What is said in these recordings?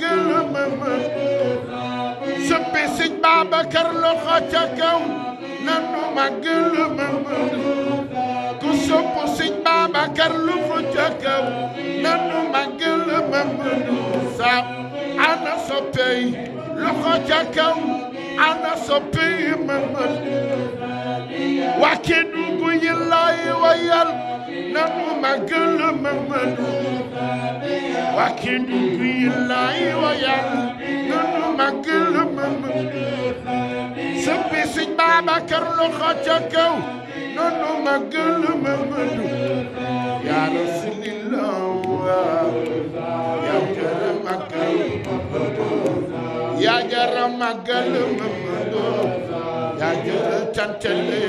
gërëma ma sëppi sëñ Babacar loxo ca kaw nanu ma gërëma ma ku sopp sëñ Babacar loxo ca kaw nanu ma gërëma ma sa ana soppey loxo ca kaw ana soppey ma ma waa Kédougou yi laay wayal nanu màggal Mamadu waa Kédougou yi laay wa yàlla nanu màggal Mamadu sëppi Sëñ Babacar loxo ca kaw nanu màggal Mamadu yaa Rasulillah yaa karam ak kaw yaa jara màggal Mamadou yaa jara cantale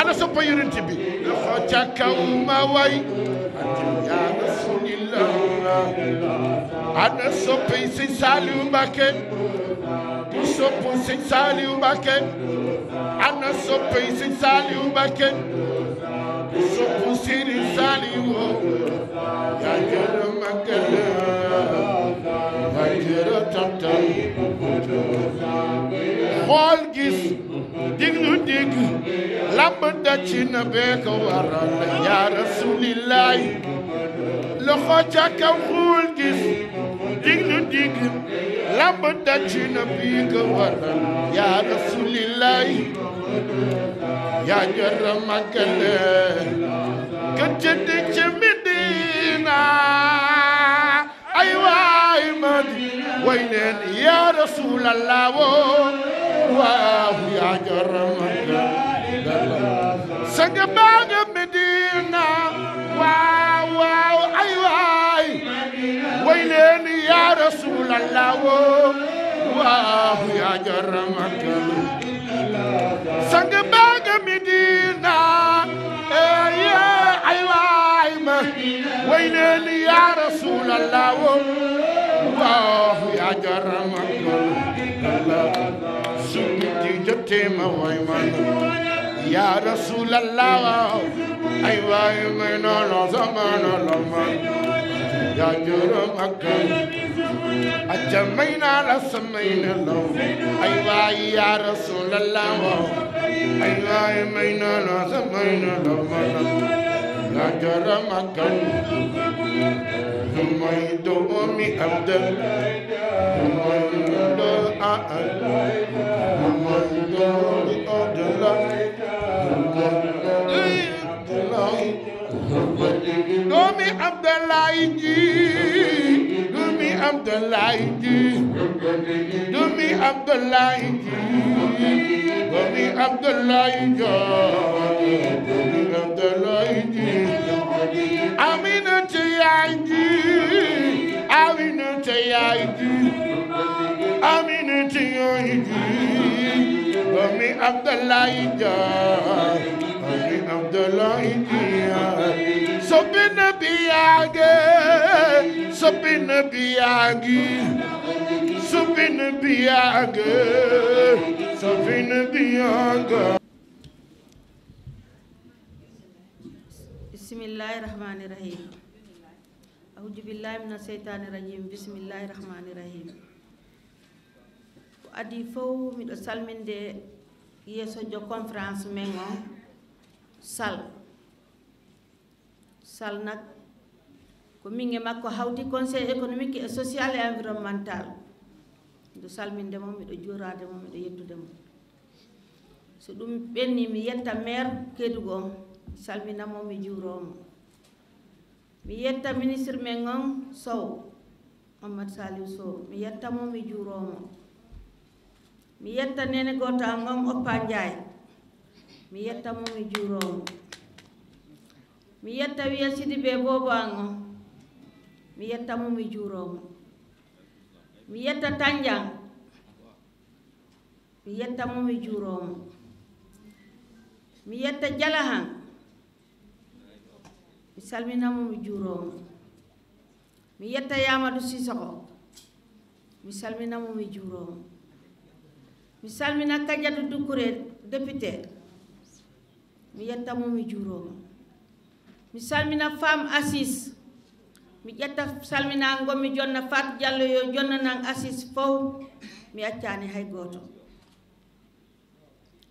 ana soppa yonent bi loxo ca kaw ma way yaa rasulillah ana soppa Sëñ Saliou Mbacké di soppa Sëñ Saliou Mbacké ana soppa Sëñ Saliou Mbacké di soppa Sëñ Saliou yaa jara màggal xool gis diglu dig lamb daci na bee ko waral ya rasulillahi loxo ca kaw xool gis diglu dig lamb daci na bii ko waral ya rasulillahi yaa jara màggale ka ca di ca Medina yaay madi way leen yaa rasulallah woo waaw yaa jaramata sanga baa nga medina waaw waaw ay waay way leen yaa rasulallah woo waaw yaa jaramata sanga baa nga medina eh, ay waay ma way leen yaa rasulallah woo الله يا جرم الله سمتي جتي مويمن يا رسول الله أيوا يمين زمان لمن يا جرم أجمعنا رسمين لو أيوا يا رسول الله أيوا يمين زمان لمن يا جرم أكل may doomi abdal may doo aal may doomi odla doomi abdalaay ji doomi abdalaay ji doomi abdalaay ji doomi abdalaay ji doomi abdalaay ji aminata yaay ji yaay ji Aminata yooyu ji doomi Abdoulaye Dia doomi Abdoulaye Dia soppi na bi yaage soppi na bi yaagi soppi na bi yaage soppi na bi yaage bismillahir rahmanir rahim أعوذ بالله من الشيطان الرجيم بسم الله الرحمن الرحيم adi fof miɗo salminde yeeso jo conférence men o sal sal nak ko min e makko hawti conseil économique et social et environnemental miɗo salminde mo miɗo juurade mo miɗo yettude mo so ɗum ɓenni mi yetta maire keedugo on salminamo mi juuromo mi yetta ministre men sow mamadou saliw sow mi yettamo mi juuromo mi yetta nene gota ngom oppa ndiaye mi yettamo mi juuromo mi yetta wiya sidi ɓe bobango mi yettamo mi juuromo mi yetta tanjang mi yettamo mi juuromo mi yetta jalahan mi salminamo mi juuromo mi yetta yamadou sisoko mi salminamo mi juuromo mi salmina kadiatu dukkure député mi yettamo mi juuromo mi salmina femme assise mi ƴetta salminangomi jonna fat diallo yo jonnanan assise fof mi accani hay goto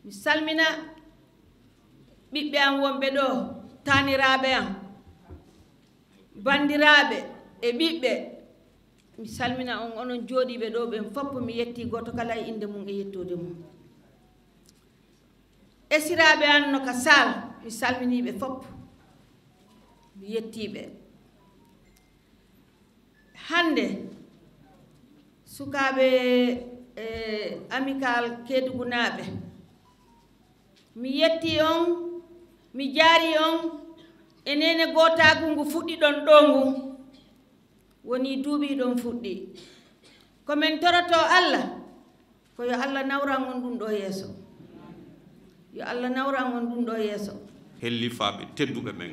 mi salmina ɓiɓɓe am wonɓe ɗo taniraɓe am banndiraaɓe e ɓiɓɓe mi salmina on onon jooɗiiɓe ɗo ɓen mi yettii gooto kala e innde mum e yettoode mum esiraaɓe an no ka sal mi salminiiɓe fof mi yettiiɓe hannde sukaaɓe e amical keedugunaaɓe mi yetti on mi jaari on enene gotagu ngu fuɗɗiɗon ɗo ngu woni duuɓi ɗon fuɗɗi komin toroto allah ko yo allah nawran on ɗum ɗo yeeso yo allah tedduɓe ɓen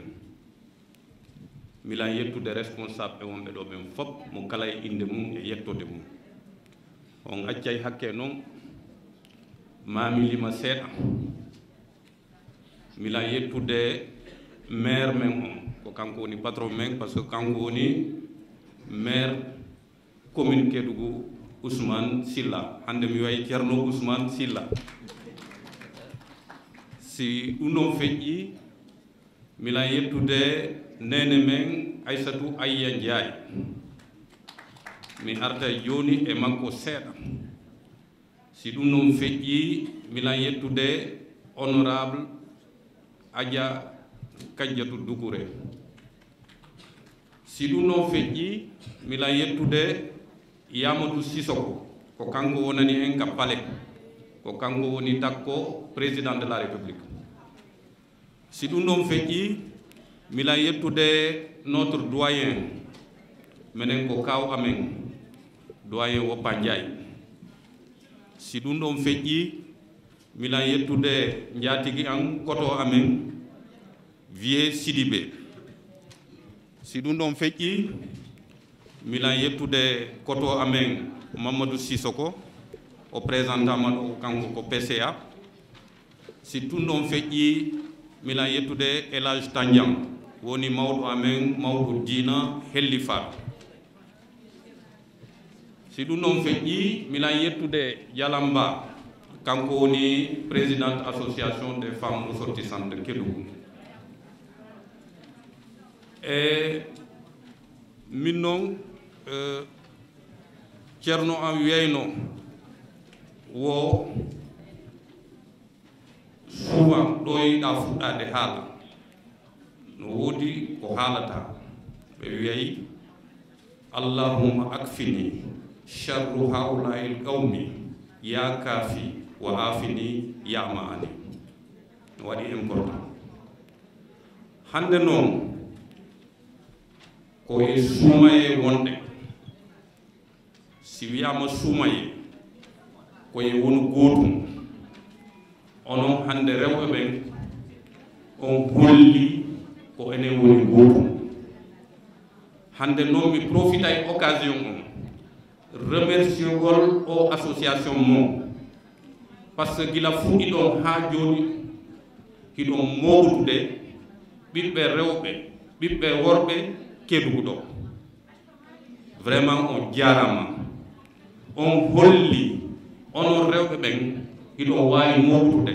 milan yettude responsable wonɓe ɗo ɓen fof mo kala e innde mum e yettode mum on accay hakke noon mamilima seeɗa milan yettude maire men on ko kanko patron men par que kanko woni maire commune kedugu ousmane silla hande mi wayi ceerno ousmane silla si ɗum ɗon feƴƴi milan yettude nene men aysatu ayya ndiaye mi arta joni e makko seeɗa si ɗum ɗon feƴƴi milan yettude honorable adja kanjatu dugure siɗuno feƴƴi mila yettude yamadou sisoko ko kanko wonani en ka pale ko kanko woni takko président de la république si ɗum ɗon feƴƴi mila yettude notre doyen minen ko kaw amen doyen woppa ndiaye si ɗum ɗon feƴƴi mila yettude jaatigi an koto amen vie Sidibé siɗum ɗon feƴƴi milan yettude koto amen mamadou sisoko o présentama ɗo kanko ko pca si tun ɗon feƴƴi milan yettude élage tandiam woni mawɗo amen mawɗo diina helli fat si ɗum ɗon feƴƴi milan yettude yalamba kanko woni présidente association des femmes ressortissantes kelugu Eh, min noon ceerno eh, am wiyayno wo suwan ɗo yiɗa fuɗɗade haala no woodi ko haalata ɓe wiyayi allahuma akfini sharru haulai l qawmi ya kaafi wa aafini yama ani no waɗi important hannde noon koye suumaye wonde si wiyama suumaye koye won gootum onon hannde rewɓe ɓen on holli ko enen woni gootum hannde noon mi profita e occasion on remerciugol o association mo par ce que gila fuu iɗon haa jooni hiɗon mowtude ɓiɓɓe rewɓe ɓiɓɓe worɓe Kedougou vraiment on jarama on holli onon rewɓe ɓen hiɗo wawi moftude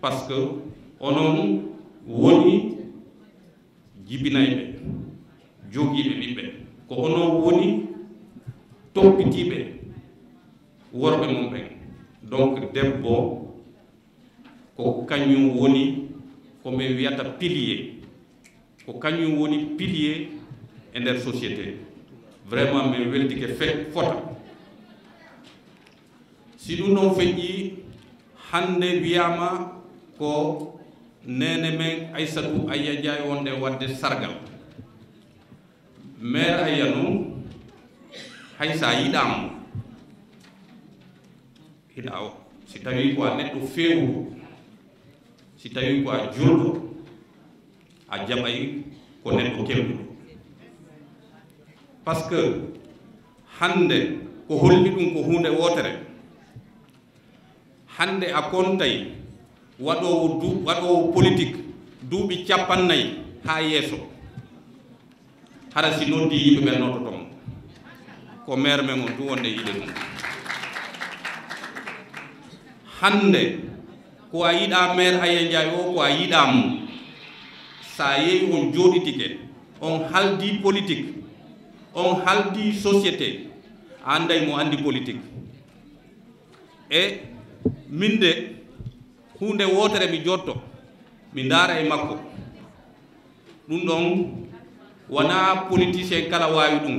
par ce que onon woni jibinayɓe jogiiɓe ɓiɓɓe ko onon woni toppitiiɓe worɓe mum ɓen donc debbo ko kañum woni ko min wiyata pilier ko kañum woni pilier e nder société vraiment min weldike fe fota si ɗum noon feƴƴi hannde wiyama ko nene men aissatou aya ndiaye wonde wadde sargal maire aya noon hay sa yiɗamo hiɗa o si tawi ko a neɗɗo fewru si tawi ko a jolɗo a jaɓay ko neɗɗo kelluɗo par ce que hannde ko holli ɗum ko hunde wootere hannde a kontay waɗowo du duuɓi capannayi haa yeeso hara si noddi yimɓe ɓe noddotomo ko maire men on du wonde yiɗe ɗum hannde ko a yiɗa maire aye o ko a yiɗa mum saye on jooɗitike on haldi politique on haldi société anday mo andi politique e min de hunde wotere mi jotto mi ndaara e makko ɗum ɗon wona politicien kala wawi ɗum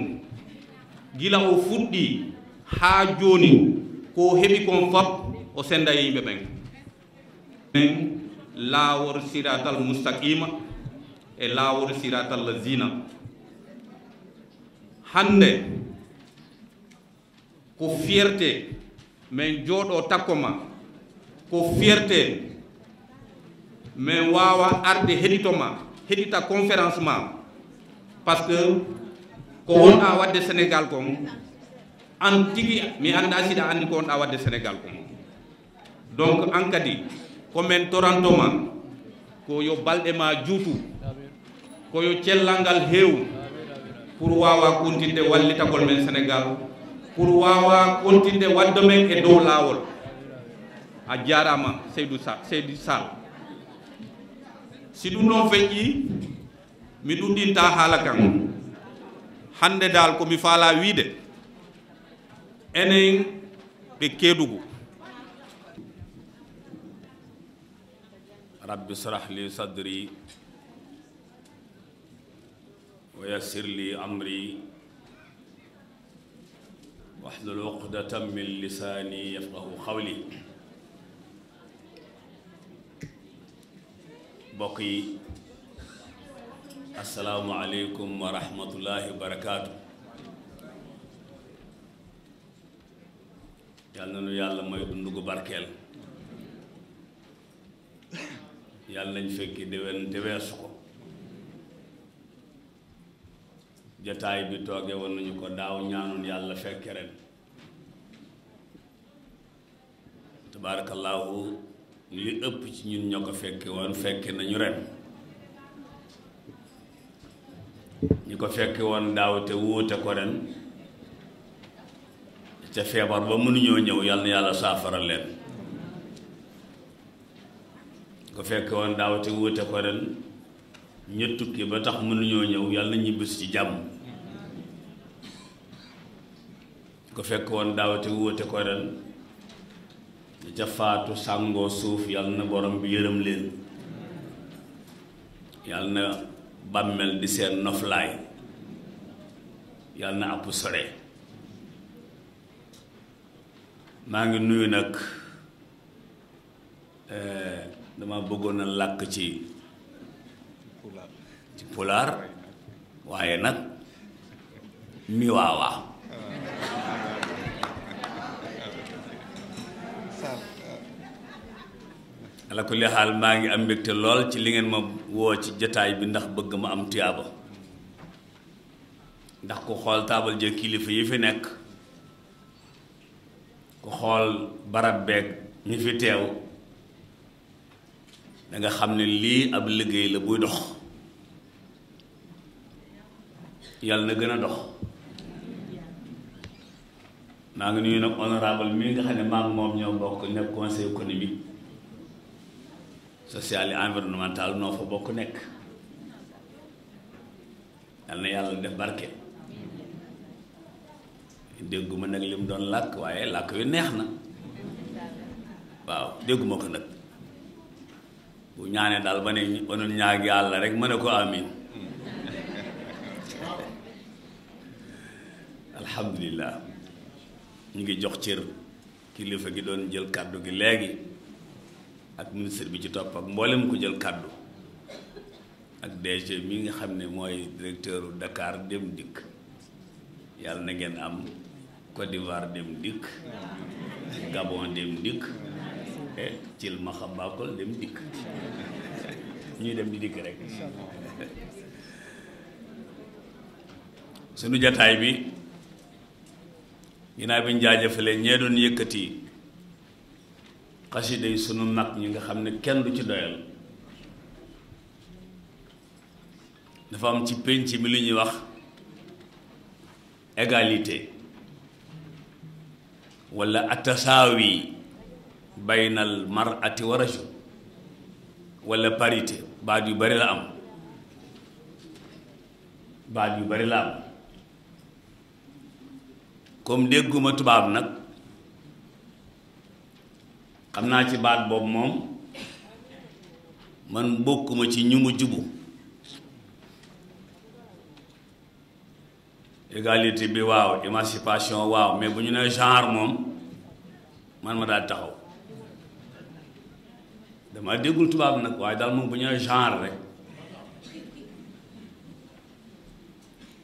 gila o fuɗɗi ha joni ko heɓi kon o senda yimɓe ɓen nen laawor siratal e laawol siratal lazina hande ko fierté min jooɗo takko ma ko fierté min wawa arde heɗito ma heɗita conférence ma par que ko wonɗa wadde sénégal kon an tigi mi anda siɗa andi ko wonɗa wadde sénégal kon donc an kadi komin torantoma ko yo balɗe ma juutu koyo cellangal heewu pour wawa kontinde wallitagol men sénégal pour wawa kontinde wadde men e dow laawol a jarama seydou sa seydi si ɗum noon mi ɗuɗɗinta haala kan hande dal komi faala wiide enen ɓe keedugu rabbi srah wa yassir li amri wahlul uqdatan min lisaani yafqahu qawli mbokk yi asalaamualeykum wa rahmatullahi wa barakaatu yàlla na nu yàlla may dund gu barkeel yàlla nañ fekki déwén te weesu ko jataay bi tooge woon nañu ko daaw ñaanoon yàlla fekke ren tabaarakallaahu li ëpp ci ñun ñoo ko fekke woon fekke nañu ren ñi ko fekke woon daaw te wuute ko ren te feebar ba mënuñoo ñëw yal yàlla saafara leen ko fekke woon daaw te wuute ko ren ñu tukki ba tax mënuñoo ñëw yàlla na ñibbis ci jàmm ko fekk woon daaw te wóote ko ren da ca faatu sàngoo suuf yàlla na borom bi yërëm leen yàlla na bàmmel di seen noflaay yàlla na àpp sore maa ngi nuyu nag eh, dama bëggoona làkk ci ci pulaar waaye nag mi ala ko li xaal maa ngi am mbégte lool ci li ngeen ma woo ci jataay bi ndax bëgg ma am tuyaaba ndax ku xool taabal ja kilifa yi fi nekk ku xool barab beeg ñi fi teew da xam ne lii ab liggéey la buy dox yàlla na gën a dox maa ngi nuyu nag honorable mi nga xam ne maa ngi moom ñoo bokk nekk conseil économique social et environnemental noo fa bokk nekk yal na yàlla def barke dégguma nag li mu doon làkk waaye làkk wi neex na waaw dégguma ko nag bu ñaanee daal ba ne onul ñaag yàlla rek mën a ko amin alhamdulilah ñu ngi jox cër kilifa gi doon jël kàddu gi léegi ak ministre bi ci topp ak mboolem ku jël kàddu ak DG mi nga xam ne mooy directeuru dakaar dem dikk yàlla na ngeen am Côte d'Ivoire dem dikk Gabon dem dikk Cil eh, Maxa Bakol dem dikk ñuy dem di dikk rek sunu jataay bi ginnaaw bi ñu jaajëfalee ñee doon yëkkati xasida day sunu mag ñi nga xam ne kenn du ci doyal dafa am ci pénc mi lu ñuy wax égalité wala atasaawi baynal mar'ati wa rajul wala parité baat yu bari la am baat yu bari la am comme dégguma tubaab nag xam naa ci baat boobu moom man bokkuma ci ñu mu jubu égalité bi waaw émancipation waaw mais bu ñu nee genre moom man ma daal taxaw dama déggul tubaab nag waaye daal moom bu ñu nee genre rek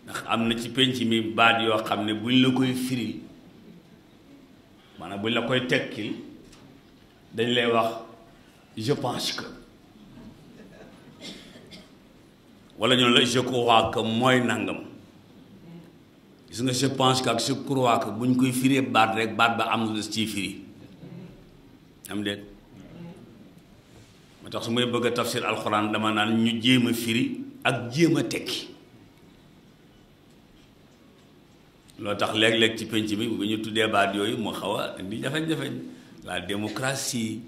ndax am na ci penc mi baat yoo xam ne buñ la koy firil maanaam buñ la koy tekkil dañ lay wax je pense que wala ñu la je crois que mooy nangam gis nga je pense que ak je crois que bu ñu koy firee baat rek baat ba am na ciy firi am déet moo tax su may bëgg a tafsir alxuraan dama naan ñu jéem a firi ak jéem a tekki loo tax léeg-léeg ci penc bi bu ñu tuddee baat yooyu mu xawa a indi jafeñ-jafeñ la démocratie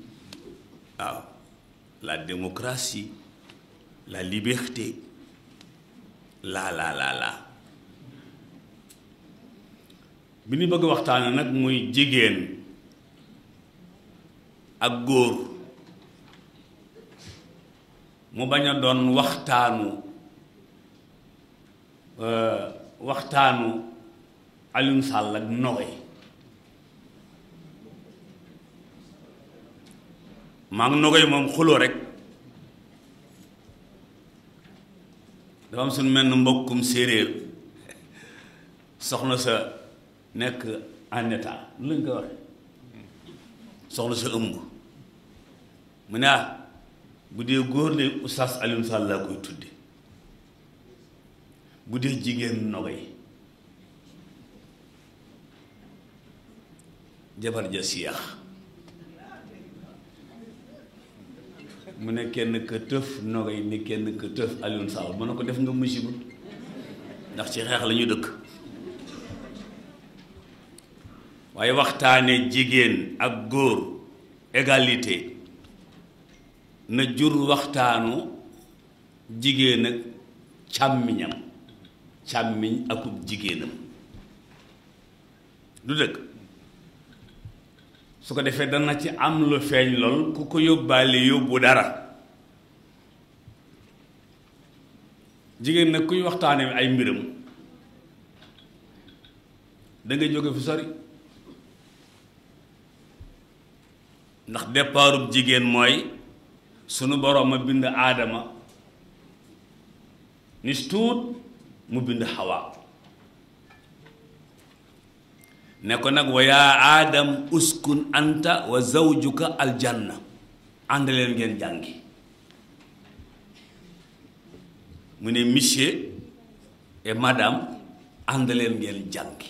waaw la démocratie la liberté la la la la bi ñu bëgg waxtaan nag muy jigéen ak góor mu bañ a doon waxtaanu euh, waxtaanu Alioune ak Noé maa ngi nogoy moom xuloo rek dafa am suñu mel ni mbokkum séeréer soxna sa nekk en état lu lañ koy waxe soxna sa ëmb mu ne ah bu dee góor de oustaz Alioune laa koy tudde bu dee jigéen nogoy jabar ja siyaax mu ne kenn ka tëf nogay kenn ka tëf Alioune Sall mu ko def nga musiba ndax ci xeex la dëkk waaye waxtaane jigéen ak góor égalité na jur waxtaanu jigéen ak càmmiñam càmmiñ akub jigéenam du dëkk su ko defee dana ci am lu feeñ lool ku ko yóbbaale yóbbu dara jigéen nag kuy waxtaane ay mbiram da nga jóge fu sori ndax départum jigéen mooy sunu boroom a bind aadama ni tuut mu bind xawaa ne ko nag wa yaa aadam uskun anta wa zawjuka aljanna ànd leen ngeen jàngi mu ne monsieur et madame ànd leen ngeen jàngi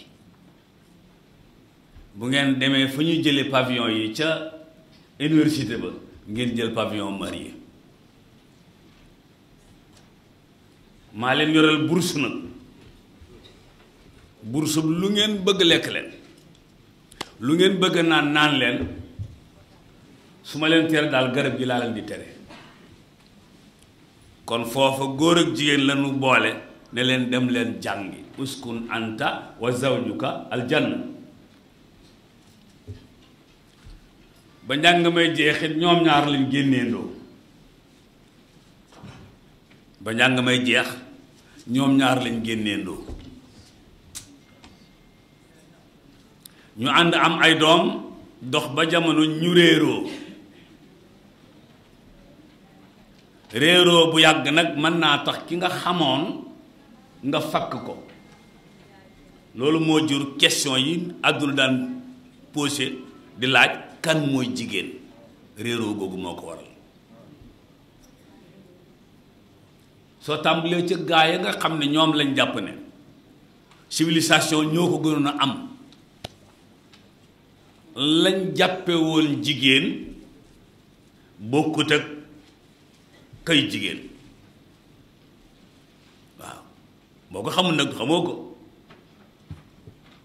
bu ngeen demee fu ñu jëlee pavillon yi ca université ba ngir jël pavillon marié maa leen yoral bourse nag bourse lu ngeen bëgg lekk leen lu ngeen bëgg naan naan leen su ma leen tere daal garab gi laa leen di tere kon foofa góor ak jigéen lanu boole ne leen dem leen jàngi uskun anta wa zawjuka aljanna ba njàng may jeexit ñoom ñaar lañ génneendoo ba njàng may jeex ñoom ñaar lañ génneendoo ñu ànd am ay doom dox ba jamono ñu réeroo réeroo bu yàgg nag mën naa tax ki nga xamoon nga fakk ko loolu moo jur kestion yi àdduna daan posé di laaj kan mooy jigéen réeroo googu moo ko waral soo tàmbalee ca gaa ya nga xam ne ñoom lañ jàpp ne civilisation ñoo ko gënoon a am lañ jàppe woon jigéen bokkut ak kay jigéen waaw boo ko xamu nag xamoo ko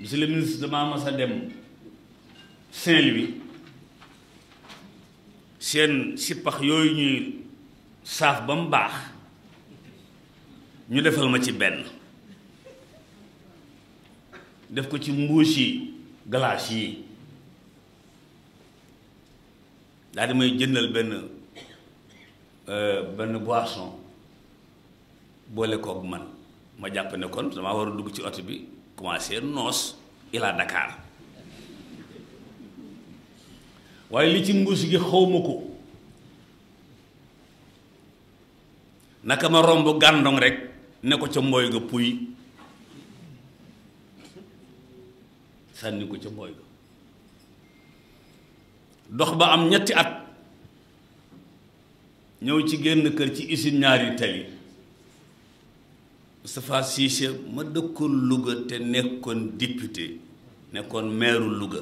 monsieur le ministre dama mas a dem Saint-Louis seen sippax yooyu ñuy saaf ba mu baax ñu defal ma ci benn def ko ci mbuusi glace yi daal di may jëndal benn euh, benn boisson boole koog man ma jàpp ne kon damaa war a dugg ci oto bi commencé noos ila Dakar waaye li ci mbuus gi xawma ko naka ma romb gàndong rek ne ko ca mbooy ga puy sànni ko ca mbooy ga dox ba am ñetti at ñëw ci génn kër ci usine ñaari tali Moustapha Cissé ma dëkkoon Louga te nekkoon député nekkoon meeru Louga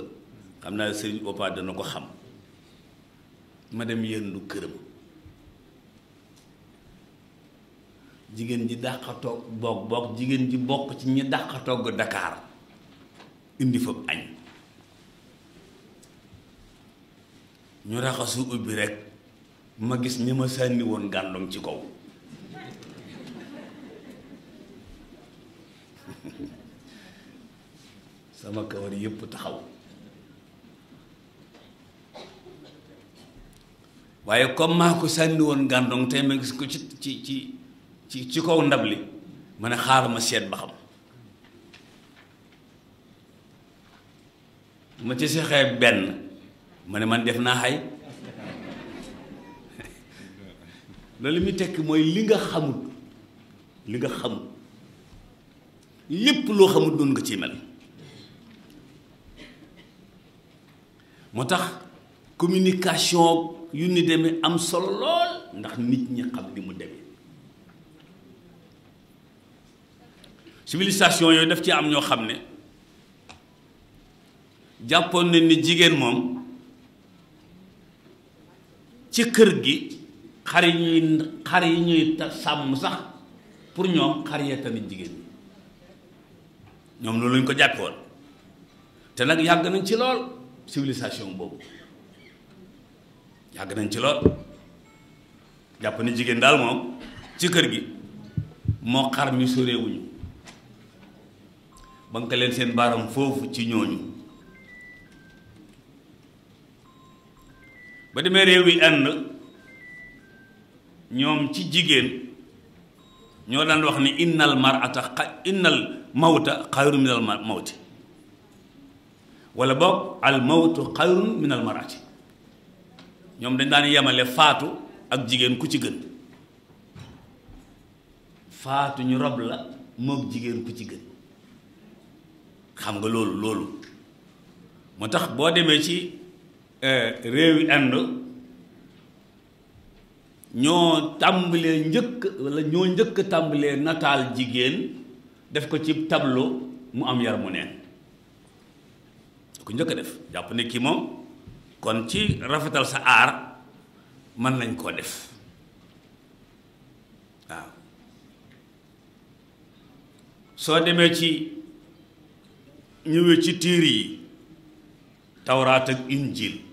xam naa sëriñ Opa dana ko xam ma dem yëndu këram jigéen ji dàqa togg boog boog jigéen ji bokk ci ñi dàqa togg Dakar indi fa añ ñu raxasu ubbi rek ma gis ni ma sànni woon gàlloŋ ci kaw sama kawar yépp taxaw waaye comme maa ko sànni woon gàndoŋ tey ma gis ko ci ci ci ci ci kaw ndab li ma ne xaaral ma seet ba xam ma ci sexee benn ma ne man def naa xay loolu li muy tekk mooy li nga xamut li nga xamul yépp loo xamul doon nga ci mel moo tax communication yu ni demee am solo lool ndax nit ñi xam ni mu demee civilisation yooyu daf ci am ñoo xam ne jàppoon na ni jigéen moom ci kër gi xar yi ñuy xar yi ñuy sàmm sax pour ñoom xar yee tamit jigéen ñoom loolu lañ ko jàppoon te nag yàgg nañ ci lool civilisation boobu yàgg nañ ci lool jàpp ne jigéen daal moom ci kër gi moo xar mi sorewuñu ba nga leen seen baaram foofu ci ñooñu ba demee réew yi ànd ñoom ci jigéen ñoo daan wax ni innal mar'ata innal mawta xayrun minal mawti wala boog al mawtu xayrun minal ñoom dañ daan yemale faatu ak jigéen ku ci gën faatu ñu rob la moog jigéen ku ci gën xam nga loolu loolu moo tax boo demee ci Eh, réewi Inde ñoo tàmbalee njëkk wala ñoo njëkk tàmbalee nataal jigéen def ko ci tableau mu am yar mu neen ku njëkk def jàpp ne kii moom kon ci rafetal sa aar mën lañ koo def waaw soo demee ci ñëwee ci tiir yi tawraat ak injil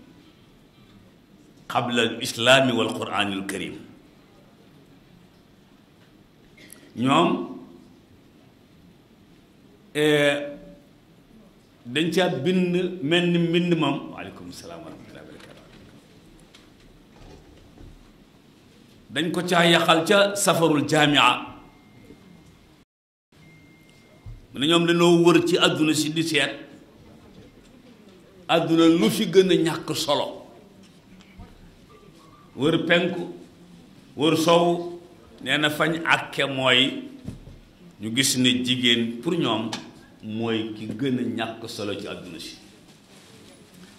qabla al islaami wal quraanil karim ñoom eh, dañ caa bind mel ni mbind moom waaleykum salaam wa rahmatulah barakatu dañ ko caa yàqal ca safarul jaamia mu ne ñoom dañoo wër ci àdduna si di seet àdduna lu fi gën a ñàkk solo wër penku wër sow nee na fañ àkke mooy ñu gis ne jigéen pour ñoom mooy ki gën a ñàkk solo ci àdduna si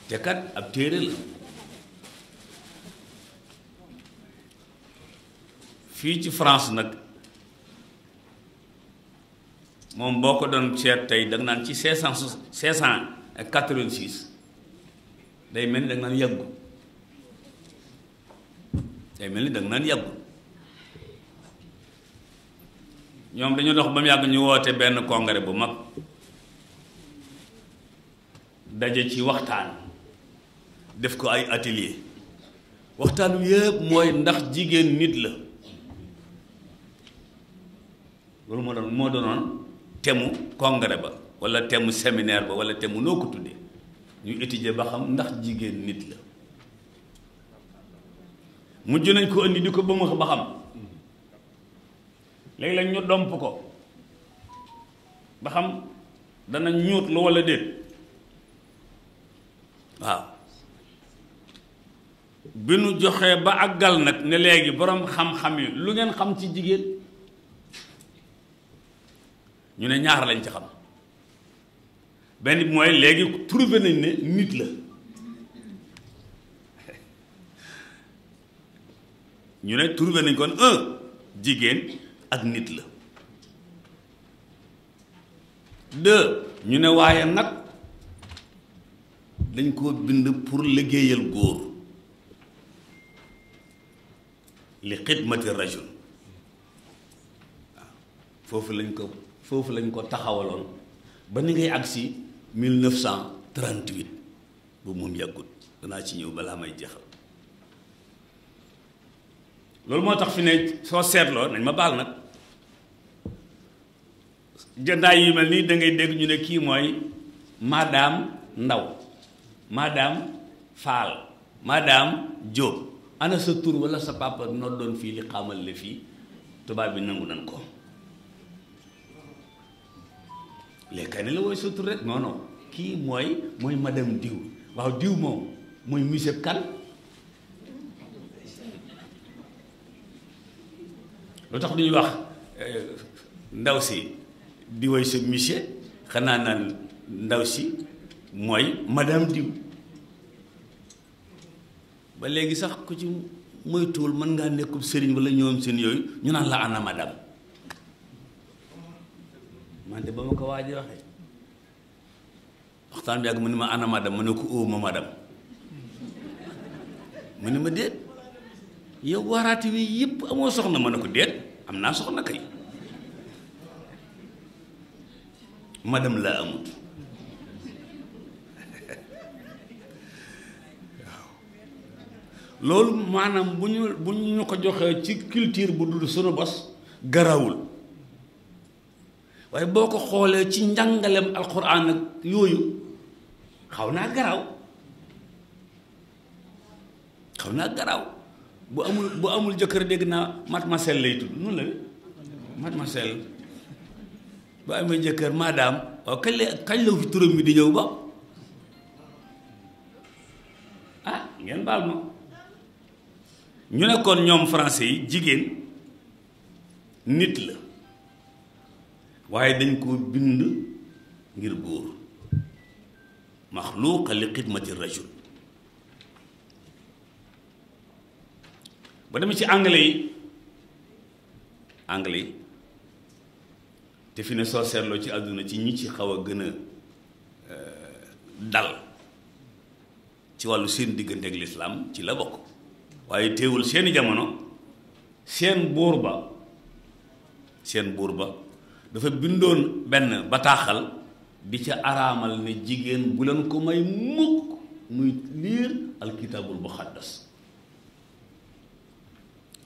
te ab téere la fii ci France nag moom boo ko doon seet tey da nga naan ci cinq cent soixante cinq six day mel ni da nga naan yàggu day mel ni da nga naan yàggul ñoom dañu dox ba mu yàgg ñu woote benn congrès bu mag daje ci waxtaan def ko ay atelier waxtaan wi yëpp mooy ndax jigéen nit la loolu moo doon moo doonoon temu congrès ba walla temu semineer ba walla temu noo ko tuddee ñu étudier ba xam ndax jigéen nit la mujj nañ ko indi ni ko ba mu ba xam léeg-léeg ñu domp ko ba xam dana ñuut lu walla déet waaw bi nu joxee ba àggal nag ne léegi boroom xam-xam yi lu ngeen xam ci jigéen ñu ne ñaar lañ ci xam benn bi mooy léegi trouvé nañ nit la ñu ne trouvé nañ kon un jigéen ak nit la deux ñu ne waaye nag dañ koo bind pour liggéeyal góor li xidmati rajul waaw foofu lañ ko foofu lañ ko taxawaloon ba ni ngay agsi 1938 bu moom yàggut danaa ci ñëw balaa may jeexal loolu moo tax fi ne soo seetloo nañ ma baal nag jëndaay yu mel nii dangay ngay dégg ñu ne kii mooy madam Ndaw madame Fall madam Diop ana sa tur wala sa papa noo doon fii li xamal la fii tubaab bi nangu nan ko léegi kay ne la wooy sa tur rek non non kii mooy mooy madame diw waaw diw moom mooy monsieur kan lu tax duñu wax euh, ndaw si di woy sa monsieur xanaa naan ndaw si mooy madame diw ba léegi sax ko ci moytuwul mën ngaa nekkub sëriñ wala ñoom seen yooyu ñu naan la ana madame man de ba ma ko waaj waxee waxtaan bi ak mu ne ma ana mën ne ko óoma madame mu ne ma déet yow waaraate wi yëpp amoo soxna mën ne ko déet am naa soxna kay madame laa amut waaw loolu maanaam bu ñu bu ñu ko joxee ci culture bu dul sunu bos garawul waaye boo ko xoolee ci njàngaleem alxuraan ak yooyu xaw naa garaaw xaw naa garaaw bu amul bu amul jëkkër dégg naa mademoiselle lay tudd noonu la mademoiselle ba amee jëkkër madame waaw kañ la kañ la fi turam bi di ñëw ba ah ngeen baal ma ñu nekkoon kon ñoom français yi jigéen nit la waaye dañ ko bind ngir góor maxluuqa li xidmati rajul ba demee ci anglais yi anglais yi te fi ne soo seetloo ci àdduna ci ñi ci xaw a gën a euh, dal ci wàllu seen diggante ak lislaam ci la bokk waaye teewul seeni jamono seen buur ba seen buur ba dafa bindoon benn bataaxal bi ca araamal ne jigéen bu leen ko may mukk muy liir alkitaabul muqaddas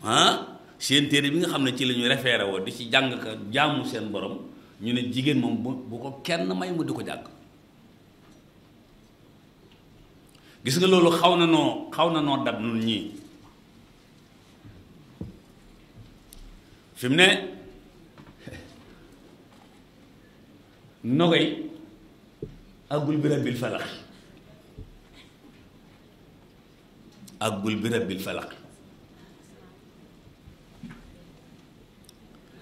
ah seen téere bi nga xam ne ci lañuy ñu référé di ci jàng ka jaamu seen borom ñu ne jigéen moom bu bu ko kenn may mu di ko jàkk gis nga loolu xaw na noo xaw na noo dab nun ñii fim mu ne nogay àggul bi rabbil falax àggul bi rabbil falax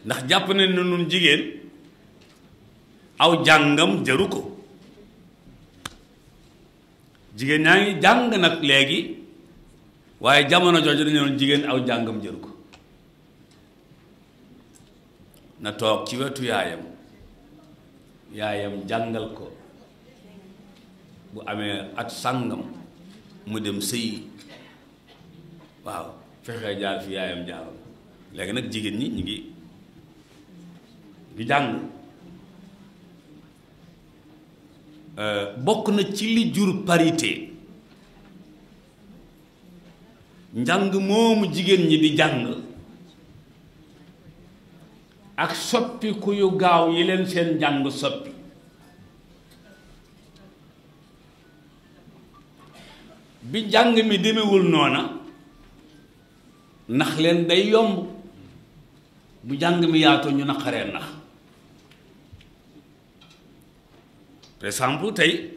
ndax jàpp na ne nun jigéen aw jàngam jëru ko jigéen ñaa ngi jàng nag léegi waaye jamono jooju dañu doon jigéen aw jàngam jaru ko na toog ci wetu yaayam yaayam jàngal ko bu amee at sàngam mu dem sëyi waaw fexe jaar fi yaayam jaaroon léegi nag jigéen ñi ñu ngi di jàng euh, bokk na ci li jur parité njàng moomu jigéen ñi di jàng ak soppiku yu gaaw yi leen seen jàng soppi bi jàng mi demewul noona ndax leen day yomb bu jàng mi yaatoo ñu naqaree nax par exemple tey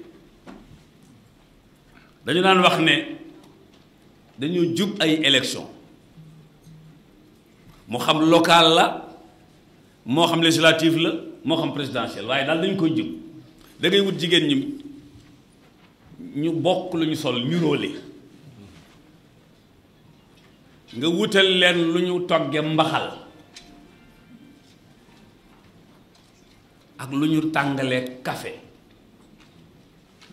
dañu daan wax ne dañu jub ay élection moo xam local la moo xam législative la moo xam présidentielle waaye daal dañu koy jub da wut jigéen ñi ñu bokk lu ñu sol ñu róole nga wutal leen lu ñu togge mbaxal ak lu ñu tàngalee kafe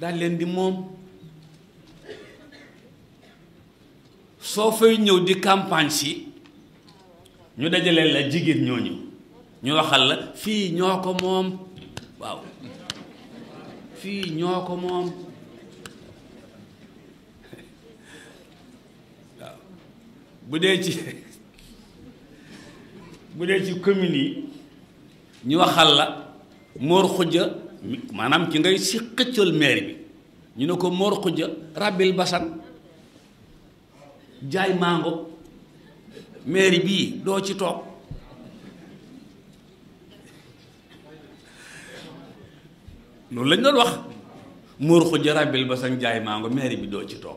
daal leen di moom soo fay ñëw di campagne si ñu dajalee la jigéen ñooñu ñu waxal la fii ñoo ko moom waaw fii ñoo ko moom waaw bu dee ci bu dee ci commune yi ñu waxal la Mor Khoudia maanaam ki ngay si xëccal maire bi ñu ne ko Mor Khoudia rabbil basan jaay mango maire bii doo ci toog loolu lañ doon wax Mor Khoudia rabbil basan jaay mango maire bi doo ci toog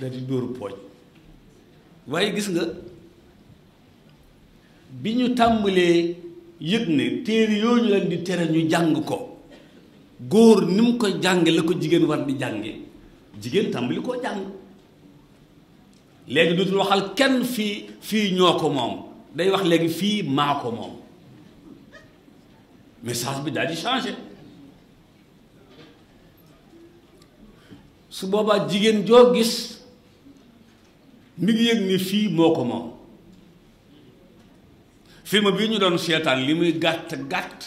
da di pooj waaye gis nga bi ñu tàmbalee yëg ne téere yooyu leen di tere ñu jàng ko góor ni mu ko jànge la ko jigéen war di jànge jigéen tàmbali koo jàng léegi dutul waxal kenn fii fii ñoo ko moom day wax léegi fii maa ko moom message bi daal di changé su boobaa jigéen joo gis mi ngi yëg ni fii moo ko moom film bi ñu doon seetaan li muy gàtt gàtt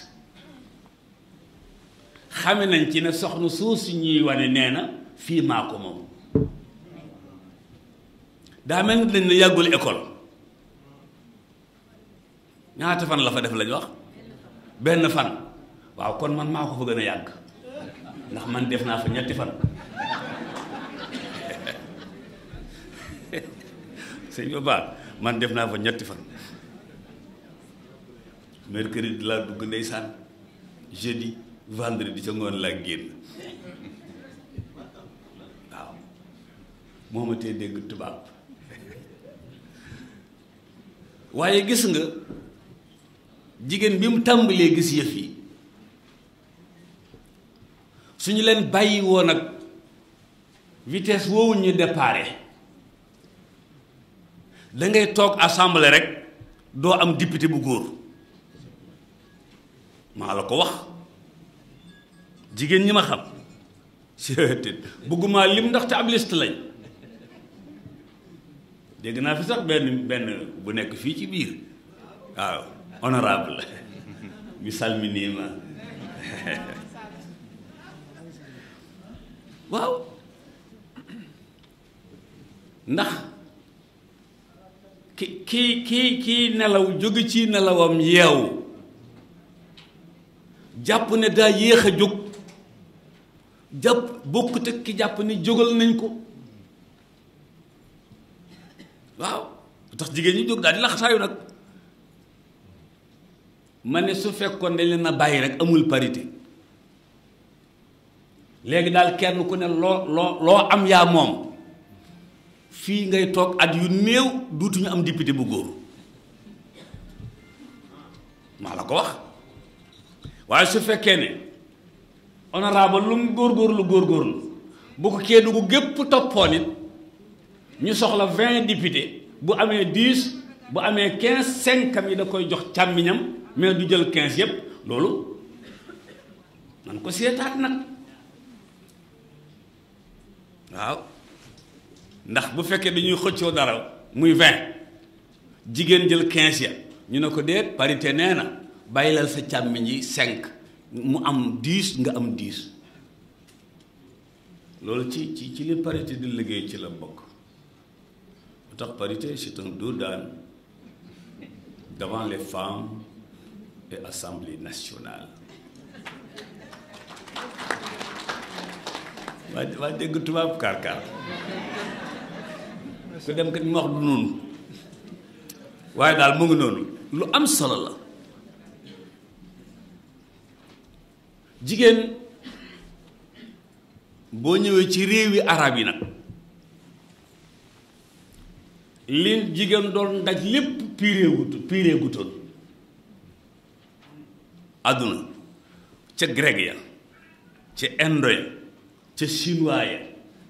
xame nañ ci ne soxna si ñuy wane nee na fii maa ko moom daa mel ni dañ yàggul ecole ñaata fan la fa def lañ wax benn fan waaw kon man maa ko fa gën a yàgg ndax man def naa fa ñetti fan sëñ ba man def naa fa ñetti fan mercredi laa dugg ndeysaan jeudi vendredi ca ngoon laa génn waaw moo ma tee dégg tubaab waaye gis nga jigéen bi mu tàmbalee gis yëf yi su ñu leen bàyyi woon ak vitesse woowu ñu déparé da ngay toog assemblée rek doo am député bu góor maa la ko wax jigéen ñi ma xam si bëgguma lim ndaxte ab liste lañ dégg naa fi sax benn benn bu nekk fii ci biir waaw honorable mi salminii ma waaw ndax ki ki ki kii nelaw jóge ci nelawam yeewu jàpp ne daa yéex a jóg jàpp bokkut ak ki jàpp ne jógal nañ ko waaw tax jigéen ñi jóg daal di laxasaayu nag ma ne su fekkoon dañ leen a bàyyi rek amul parité léegi daal kenn ku ne loo loo loo am yaa moom fii ngay toog at yu néew duutuñu am député bu góor maa la ko wax waaye su fekkee ne honorable lu mu góorgóorlu góorgóorlu bu ko Kédougou gépp toppoon it ñu soxla vingt député bu amee dix bu amee quinze cinq yi da koy jox càmmiñam mais du jël quinze yépp loolu man ko seetaat nag waaw ndax bu fekkee dañuy xëccoo dara muy vingt jigéen jël quinze ya ñu ne ko déet parité nee na bàyyilal sa càmmiñ yi cinq mu am dix nga am dix loolu ci ci ci li parité di liggéey ci la bokk lu tax parité c'est un dos-d'âne devant les femmes et assemblée nationale waa waa dégg tubaab kaar-kaar ku dem kat mu wax du noonu waaye daal mu ngi noonu lu am solo la jigéen boo ñëwee ci réewi arab yi nag li jigéen doon daj lépp piireegut piireegutoon àdduna ca grec ya ca indo ya ca chinois ya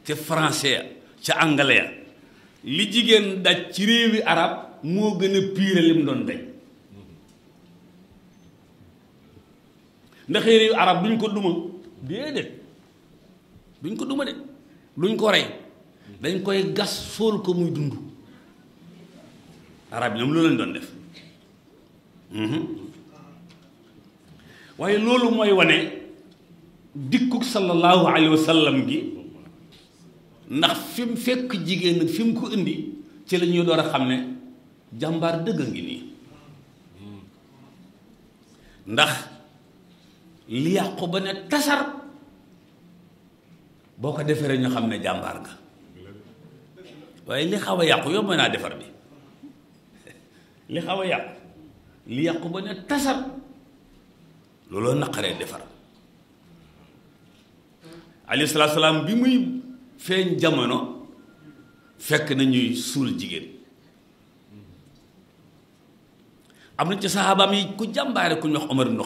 ca français ya ca anglais ya li jigéen daj ci réewi arab moo gën a piire lim doon daj ndax réew arab duñ ko duma de duñ ko duma de duñ ko rey dañ koy gas sol ko muy dund arab yi ñoom loolu lañ doon def mhm. waaye loolu mooy wane dikkuk sallallahu alayhi wa sallam gi ndax fi mu fekk jigéen fi mu ko indi ci lañuy ñuy a xam ne jàmbaar dëgg a ngi nii ndax li yàqu ba ne tasar boo ko defee rek ñu xam ne jàmbaar nga waaye li xaw a yàqu yomb naa defar bi li xaw a yàqu li yàqu ba ne tasar looloo naqaree defar alayhi salaam bi muy feeñ jamono fekk na suul jigéen am na ci saxaabaam yi ku jàmbaare ku ñu wax Omar ibn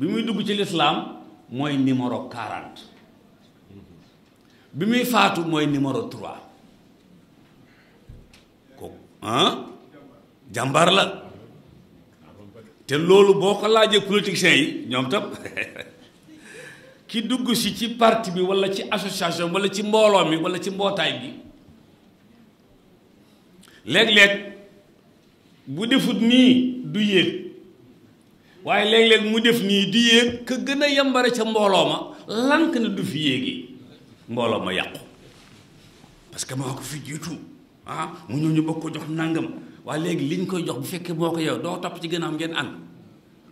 bi muy dugg ci lislaam mooy numéro 40 bi muy faatu mooy numéro 3 ko ah la te loolu boo ko laajee politiciens yi ñoom tam ki dugg si ci parti bi walla ci association walla ci mbooloo mi walla ci mbootaay bi léeg-léeg bu defut nii du yéeg waaye léeg-léeg mu def nii di yéeg ka gën a yambare ca mbooloo ma lank na du fi yéegi mbooloo ma yàqu parce que maa ko fi jiitu ah mu ñëw ñu bokk ko jox nangam waaye léegi liñ koy jox bu fekkee moo ko yow doo topp ci gën am ngeen ànd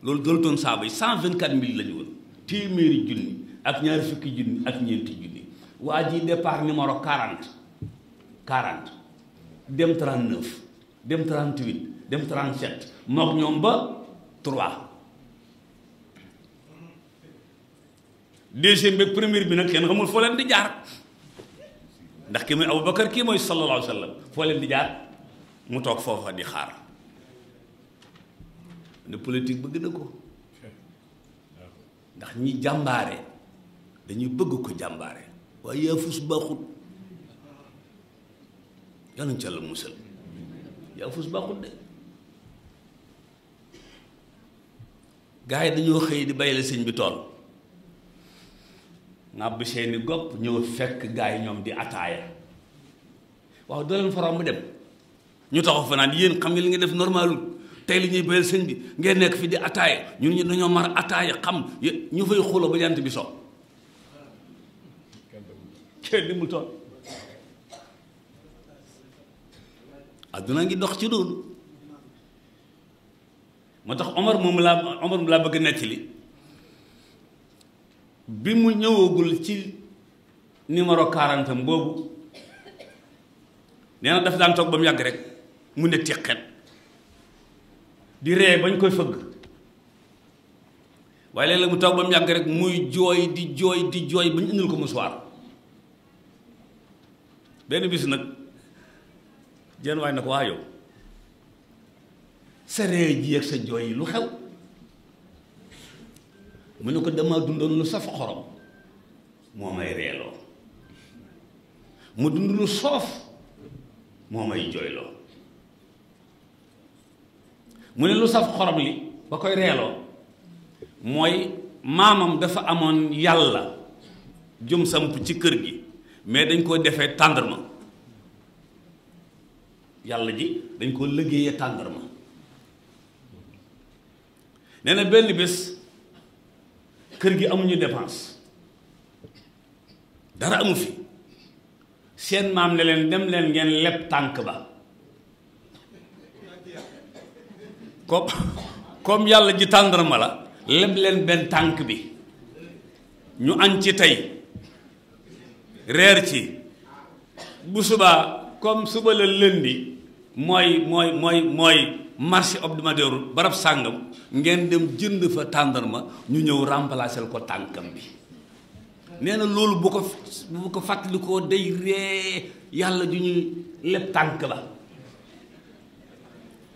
loolu doonutoon saaba yi cent vingt quatre mille la ñu woon téeméeri junni ak ñaari fukki junni ak ñeenti junni waa ji départ numéro quarante quarante dem dem trente huit dem trente sept mook ñoom ba trois deuxième bi ak première bi nag kenn xamul foo leen di jaar ndax ki mooy Aboubacar kii mooy sallallahu alayhi wa foo leen di jaar mu toog foofa di xaar ne politique bëgg na ko ndax ñi jàmbaare dañuy bëgg ko jàmbaare waaye yaafus baaxut yàlla na ca la musal yaafus baaxut de gars dañoo xëy di bay la sëñ bi tool ngàbb seeni gopp ñëw fekk gaa yi ñoom di ataaya waaw doo leen forom dem ñu taxaw fa yéen xam nga li nga def normalul tey li ñuy béyal sëñ bi ngeen nekk fii di ataaya ñun ñu dañoo mar ataaya xam ñu fay xuloo ba jant bi so kenn dimul toon adduna ngi dox ci loolu moo tax Omar moom laa Omar mu laa bëgg nettali bi mu ñëwagul ci numéro 40 boobu nee na daf daan toog ba mu yàgg rek mu ne teqet di ree bañ koy fëgg waaye léeg-léeg mu toog ba mu yàgg rek muy jooy di jooy di jooy ba ñu indil ko musuwaar benn bis nag jenn waay na ko waa yow sa ree ji ak sa jooy yi lu xew mu ne ko dama dundoon lu saf xorom moo may reeloo mu dund lu soof moo may jooyloo mu ne lu saf xorom li ba koy reeloo mooy maamam dafa amoon yàlla jum samp ci kër gi mais dañ koo defee tàndarma yàlla ji dañ koo liggéeyee tàndarma nee benn bés kër gi amuñu dépense dara amu fi seen maam ne leen dem leen ngeen leb tànk ba comme comme yàlla ji tàngarma la leb leen benn tànk bi ñu añ ci tey reer ci bu subaa comme suba la lëndi mooy mooy mooy mooy marché hebdomadaire barab sàngam ngeen dem jënd fa tàndarma ñu ñëw remplacer ko tànkam bi nee na loolu bu ko bu ko fàttalikoo day ree yàlla ju ñuy leb tànk la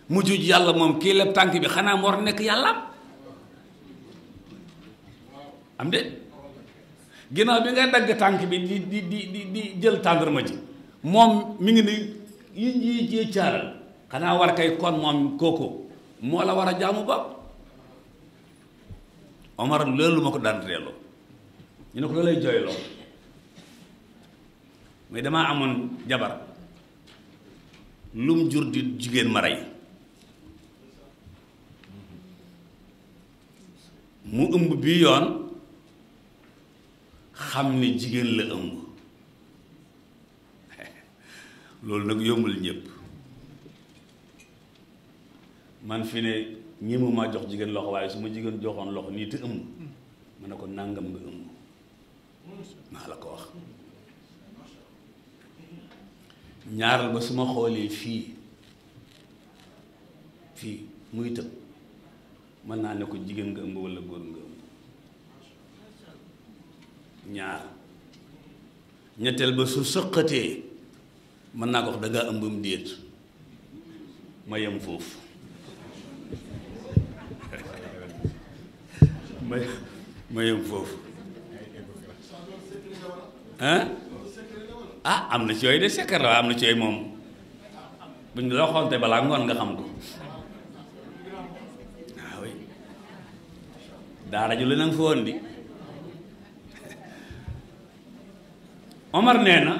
mujj yàlla moom kii leb tànk bi xanaa mu war nekk yàlla am de ginnaaw bi nga dagg tànk bi di di di di jël tàndarma ji moom mi ngi ni yi yi caaral xanaa war kay kon moom kooku moo la war a jaamu bopp Omar loolu ma ko daan reeloo ñu ne ko loolay jooyloo mais damaa amoon jabar lum jur di jigéen ma rey mu ëmb bii yoon xam ne jigéen la ëmb loolu nag yombul ñëpp man fi ne ñemuma jox jigéen loxo waaye su ma jigéen joxoon loxo nii te ëmb ma ne ko nàngam nga ëmb maa la ko wax ñaaral ba su ma xoolee fii fii muy tëb mën naa ne ko jigéen nga ëmb walla góor nga ëmb ñaar ñetteel ba su sëqatee mën naa ko wax dangaa ëmbam déet ma yem foofu ma ma foofu ah ah am na ci yooyu de sekkar la am na ci yooyu moom buñ la waxoon te balaa ngoon nga xam ko waaw ah daara ju la nanga fa Omar nee na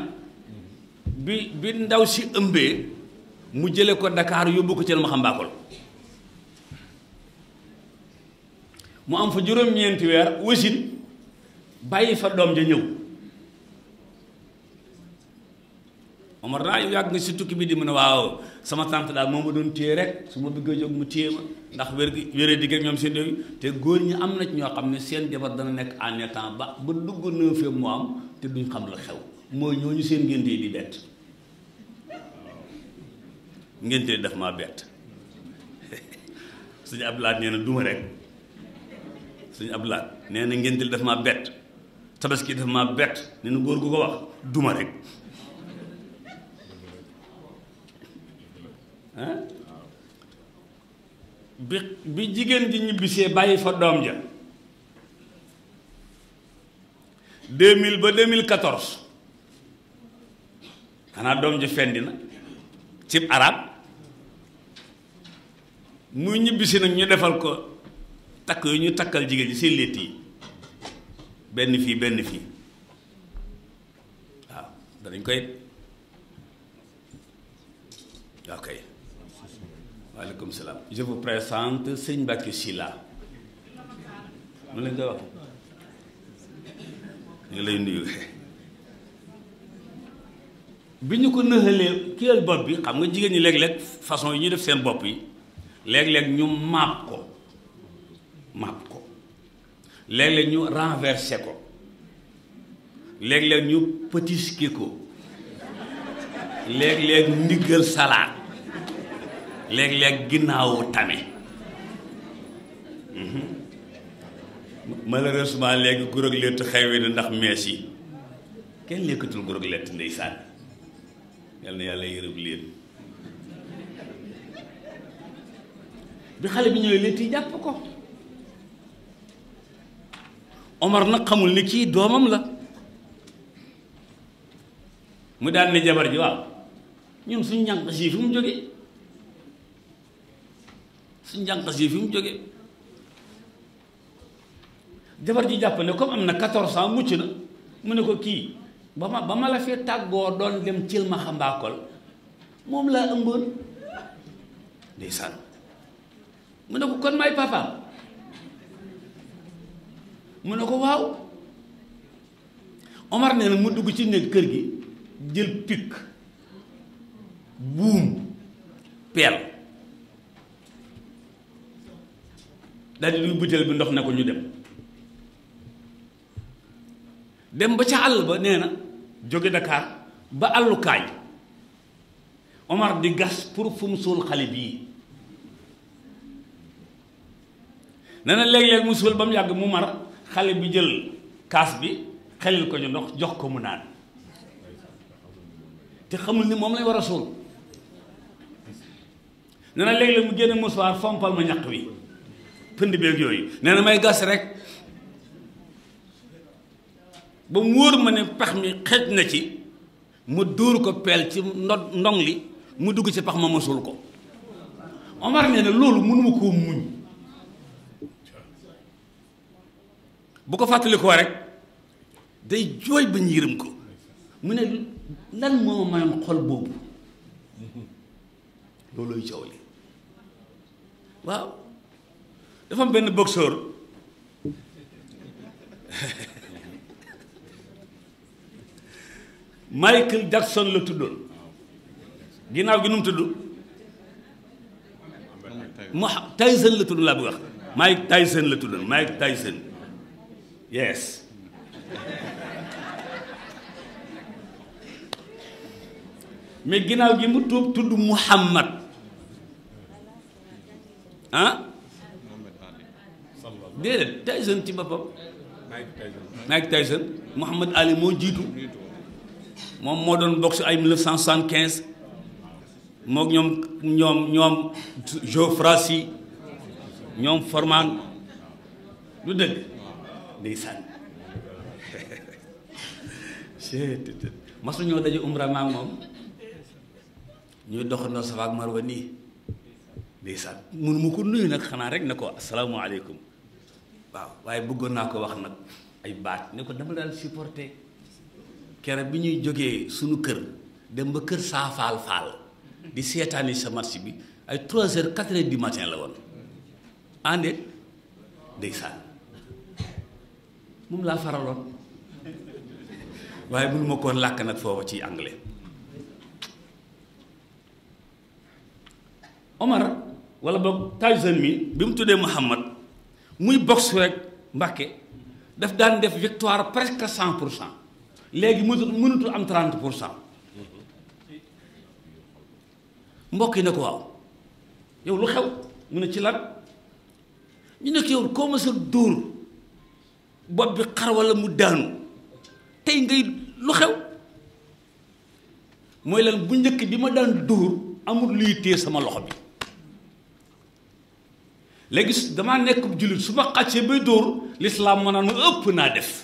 bi bi ndaw si ëmbee mu jële ko Dakar yóbbu ko ci ma xam mbaakol mu am fa juróom-ñeenti weer wasin bàyyi fa doom ja ñëw Omar naa yow yàgg nga si tukki bi di mu ne waaw sama tante daal moom ma doon téye rek su ma bëggee jóg mu téye ma ndax wér gi wéree di rek ñoom seen yooyu te góor ñi am na ñoo xam ne seen jabar dana nekk en état ba ba dugg na fi mu am te duñ xam la xew mooy ñu seen ngénte yi di bett ngénte daf maa bett sëñ Abdoulaye nee na duma rek. sëñ Abdoulaye nee na ngénte li daf maa bett tabaski daf maa bett nee góor gu ko wax duma rek bi bi jigéen ji ñibbisee bàyyi fa doom ja 2000 ba 2014 xanaa doom ja fendi na cib arab muy ñibbisi nag ñu defal ko takk yooyu ñu takkal jigéen ñi seen létt yi benn fii benn fii waaw danañ koy ok waaleykum salaam je vous présente sëñ Mbacke Sylla lañ koy wax ñu ngi nuyu bi ñu ko nëxalee kiyal bopp bi xam nga jigéen ñi léeg-léeg façon yi ñuy def seen bopp yi léeg-léeg ñu maab ko màpp ko léeg-léeg ñu renversé ko léeg-léeg ñu pëtiski ko léeg-léeg ndiggal salaat léeg-léeg ginnaawu tame mhm. malheureusement léegi gurog lett xewwi na ndax mees yi kenn lekkatul gurog lett ndeysaan yal na yàlla yërëm leen bi xale bi ñëwee lett yi jàpp ko Omar nag xamul ni kii doomam la mu daal ne jabar ji waaw ñun suñ jànq si fi mu jógee suñ njànq si fi mu jógee jabar ji jàpp ne comme am na quatorze ans mucc na mu ne ko kii ba ma ba ma la fee tàggoo doon dem cil ma xambaakol moom laa ëmboon ndeysaan mu ne ko kon may papaam mu ne ko waaw Omar nee na mu dugg ci néeg kër gi jël pikk buum peel daal di butéel bi ndox ne ko ñu dem dem ba ca àll ba nee na jóge Dakar ba àllukaay Omar di gas pour fu mu suul xale bii nee na léeg-léeg mu suul ba mu yàgg mu mar xale bi jël kaas bi xelil ko ci ndox jox ko mu naan te xamul ni moom lañ war a suul nee na léeg la mu génne mosuwaar fompal ma ñaq wi pënd beeg yooyu nee na may gas rek ba mu wóor ma ne pax mi xeej na ci mu dóor ko peel ci ndo ndong li mu dugg ci pax ma mosul ko Omar nee na loolu mënuma koo muñ bu ko fàttalikoo rek day jooy ba ñu yërëm ko mu ne lan moo mayoon xol boobu loolooy coow waaw dafa am benn boxeur Michael Jackson la tuddoon ginnaaw gi nu mu tudd Mike Tyson la tudd laa bëgg wax Mike Tyson la tuddoon Mike Tyson Yes. mais ginaaw gi mu tuub tudd Muhammad ah déedéet Tyson ci boppam Mike Tyson Muhammad Ali moo jiitu moom moo doon boxe ay 1975 mook ñoom ñoom ñoom Joe Frazier ñoom Foreman lu dëgg ndeysaan masuñoo daje umra maak moom ñuy doxandoo Safa Marwa nii ndeysaan mun mu ko nuyu nag xanaa rek ne ko asalaamaaleykum waaw waaye bëggoon naa ko wax nag ay baat ne ko dama daal supporter kere bi ñuy jógee suñu kër dem ba kër saa faal faal di seetaani sa marché bi ay trois heures quatre heures matin la woon ànde ndeysaan moom laa faraloon waaye mënu koo koon làkk nag foofu ci anglais Omar wala boog Tyson wi bi mu tuddee Muhammad muy box rek Mbàkke daf daan def victoire presque cent pour cent léegi mënut mënutul am trente pour cent mbokk yi ne ko waaw yow lu xew mu ne ci lan ñu nekk yow koo mësul dóor bopp bi xar walla mu daanu tey ngay lu xew mooy lan bu njëkk bi ma daan dóor amul luy téye sama loxo bi léegi damaa nekk jullit su ma xàccee bay dóor lislaam ma naan ma ëpp naa def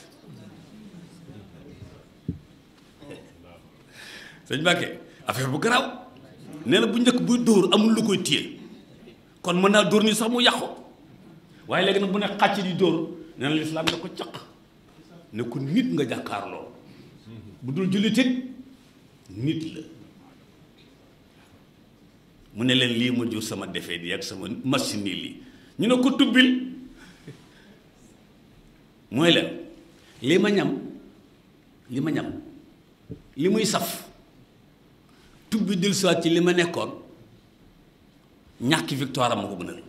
sëñ Mbàkke affaire bu garaaw nee na bu njëkk buy dóor amul lu koy téye kon mën naa dóor nii sax mu yàqu waaye léegi nag bu ne xàcc di dóor nee na lislaam ne ko caq ne ko nit nga jàkkaarloo bu dul jullitit nit la mu ne leen lii ma jur sama defee di ak sama machine lii ñu ne ko tubbil mooy leen lii ma ñam li ma ñam li muy saf tubbi dil soit ci li ma nekkoon ñàkki victoire am ma ko gën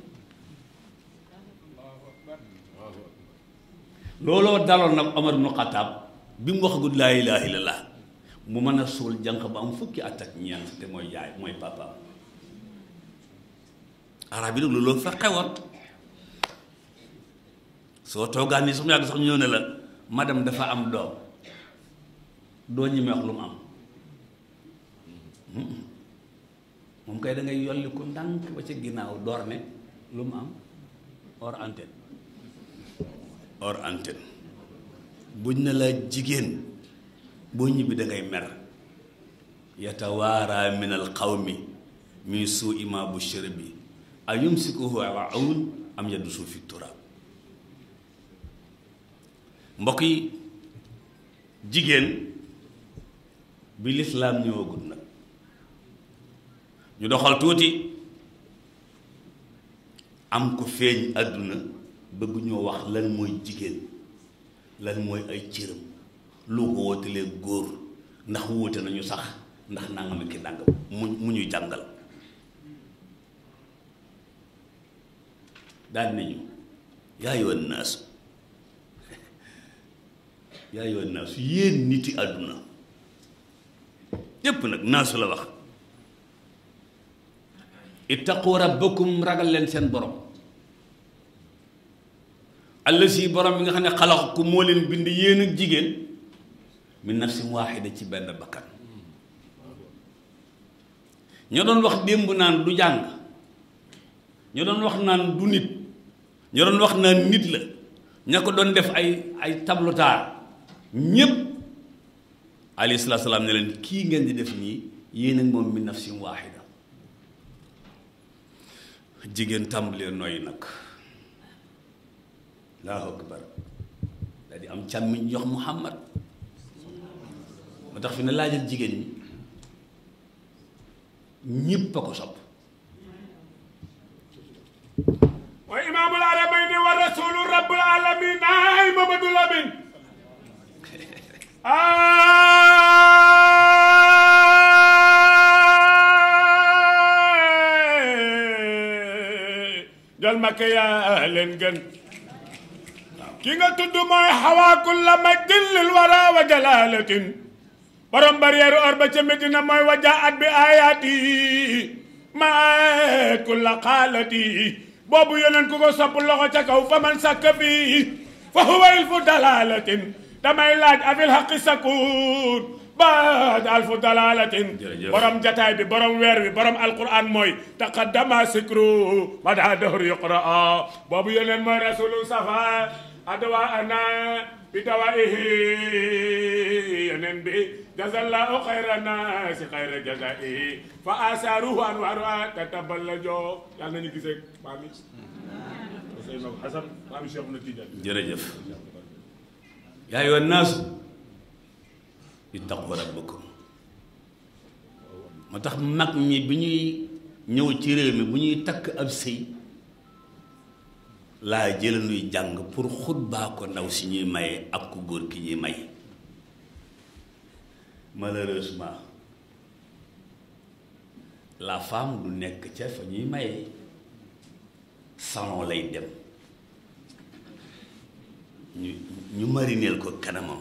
looloo daloon nag Omar ibnu Xataab bi mu waxagul laa ilaaha illallaah mu mën a suul jànq ba am fukki at ak ñeent te mooy yaay mooy papaam arab yi nag looloo fa xewoon soo toogaan nii su mu yàgg sax ñëw ne la madame dafa am doom doo ñemee wax lu mu am hmm. moom kay dangay ngay yolli ku ndànk ba ca ginnaaw door ne lu mu am hors antenne hors antenne buñ ne la jigéen boo ñibbi da ngay mer yatawaara min al qawmi min suui ma bushira bi a yumsikuhu ala awn am yaddusu fi turab mbokk yi jigéen bi lislaam ñëwagul nag ñu doxal tuuti am ko feeñ àdduna bëgg ñoo wax lan mooy jigéen lan mooy ay cëram lu ko wootelee góor ndax woote nañu sax ndax nangam ki nangam mu mu ñuy jàngal daan nañu yaa yoon naasu yaa yoon naasu yéen niti àdduna yépp nag naasu la wax ittaqu rabbakum ragal leen seen borom allasi borom bi nga xam ne xalaxakum moo leen bind yéen jigéen min nafsin waaxida ci benn bakkan ñoo doon wax démb naan du jàng ñoo doon wax naan du nit ñoo doon wax naan nit la ña ko doon def ay ay tableau ñépp alayhi salaatu salaam ne kii ngeen di def nii yéen ak moom min nafsin waaxida jigéen tàmbalee nooy nag allahu akbar daal di am càmmiñ jox muhammad moo tax fi ne laajal jigéen ñi ñëpp a ko sopp wa imaamul alamayni wa rasulu rabbul alamin ay mamadu lamin ay jal makke yaa leen gën kii nga tudd mooy xawaakul la majdin lil wara wa jalalatin borom barrière or ba ca medina mooy wajaat bi ayaati maat kulla xaalati boobu yoneen ku ko sopp loxo ca kaw fa man sàkk fii fa huwa ilfu dalalatin damay laaj afil xaqi sakuur alfu dalalatin borom jataay bi borom weer bi borom alquran mooy taqaddama sikru mada dahru yuqraa boobu yeneen mooy rasulu safa أدواءنا بدوائه ينبي جزا الله خير الناس خير جزائه فآثاره أنوارها تتبلج يلا نيجي سيك مامي حسن مامي شيخ نتيجة جرجف يا أيها الناس اتقوا ربكم ما تخ مك مي بني ñëw ci réew mi bu ñuy takk ab sëy laa jëlanduy jàng pour xutbaa ko ndaw si ñuy maye ak ku góor ki ñuy may malheureusement laa femme du nekk ca fa ñuy maye salon lay dem ñu ñu marineel ko kanamam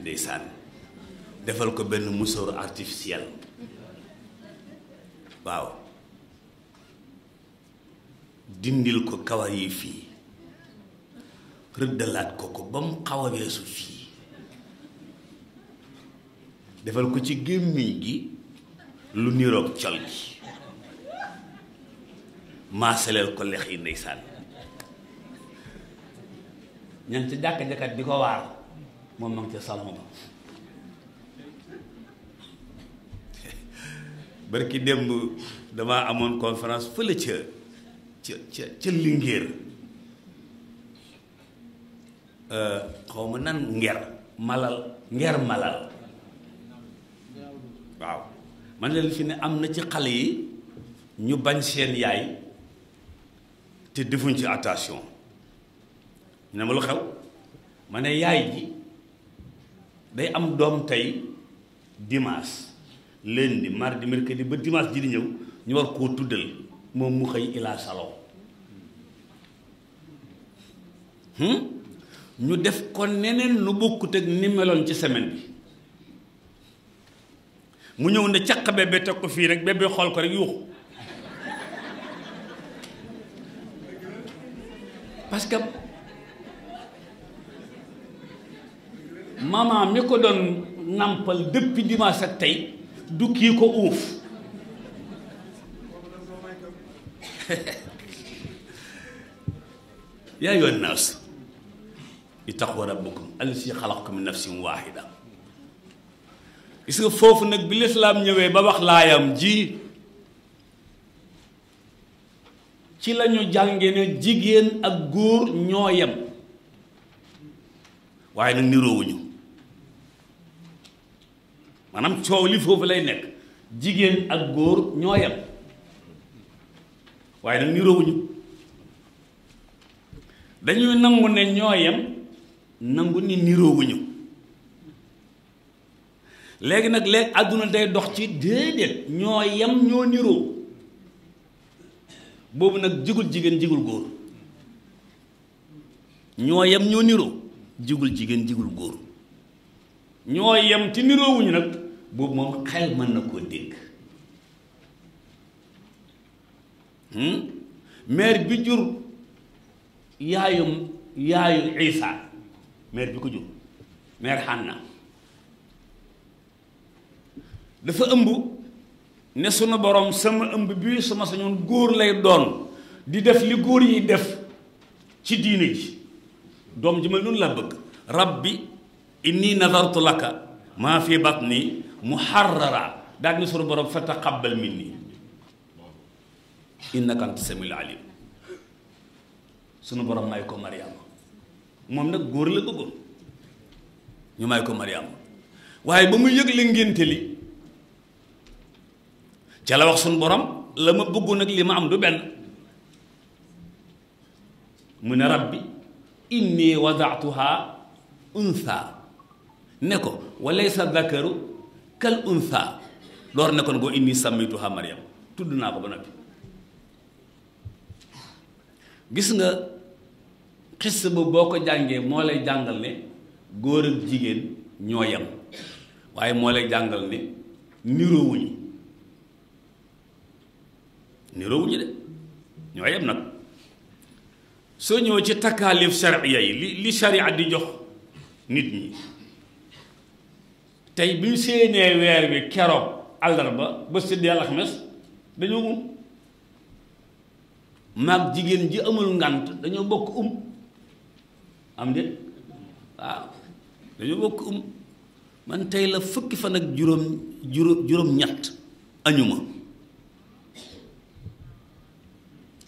ndeysaan defal ko benn musóor artificiel waaw dindil ko kawar yi fii rëddalaat ko ko ba mu xaw a weesu fii defal ko ci gémmiñ gi lu niroog col gi maasaleel ko lex yi ndeysaan ñan ci jàkka jàkkat di ko waar moom ma ngi ca salon ba barki démb damaa amoon conférence fële ca ca ca ca Linguère euh, xaw ma nan nger malal nger malal waaw man leen fi ne am na ci xale yi ñu bañ seen yaay te defuñ ci attention ñu ne ma lu xew ma ne yaay ji day am doom tey dimanche lundi mardi mercredi ba dimanche ji di ñëw ñu war koo tuddal moom mu xëy ilaa salon hmm? ñu def ko neneen nu bokkut ak ni meloon ci semaine bi mu ñëw na caq bébé teg ko fii rek bébé xool ko rek yuuxu parce que maman mi ko doon nampal depuis dimanche ak tey du kii ko uuf yaa ayyuhan naas ittaqu rabbakum allazi xalaqakum min nafsin waahida gis nga foofu nag bi lislaam ñëwee ba wax laayam ji ci lañu jànge ne jigéen ak góor ñoo yem waaye nag niroowuñu maanaam coow li foofu lay nekk jigéen ak góor ñoo yem waaye nag niroowuñu dañuy nangu ne ñoo yem nangu ni niroowuñu léegi nag léegi àdduna day dox ci déedéet ñoo yem ñoo niroo boobu nag jigul jigéen jigul góor ñoo yem ñoo niroo jigul jigéen jigul góor ñoo yem ci niroowuñu nag boobu moom xel mën na koo dégg mère hmm? bi jur yaayu yaayu Isa mère bi ko jur mère Xanna dafa ëmb ne sunu borom sama ëmb bii sama sañoon góor lay doon di def li góor yi def ci diine ji doom ji may noonu laa bëgg rabbi inni nazartu laka maa fi batni muharrara daal ni sunu borom fa taqabbal minni innaka anta samiul alim sunu borom may ko Mariama moom nag góor la bëggoon ñu may ko Mariama waaye ba mu yëg li ngénte li ca la wax sunu borom la ma bëggoon ak li ma am du benn mu ne rabbi inni wadaatuha unsa ne ko walaysa dakaru kal unsa door ne ko ne ko inni sammaytuha Mariam tudd naa ko ba noppi gis nga xis ba boo ko jàngee moo lay jàngal ne góor ak jigéen ñoo yem waaye moo lay jàngal ne niroowuñu niroowuñu de ñoo yem nag soo ñëwee ci takkaalif charia yi li li charia di jox nit ñi tey bi ñu séenee weer wi keroog àllarba ba séddee alxames dañoo moom maag jigéen ji amul ngant dañoo bokk um am de waaw dañoo bokk um man tey la fukki fan ak juróom juróom juróom añuma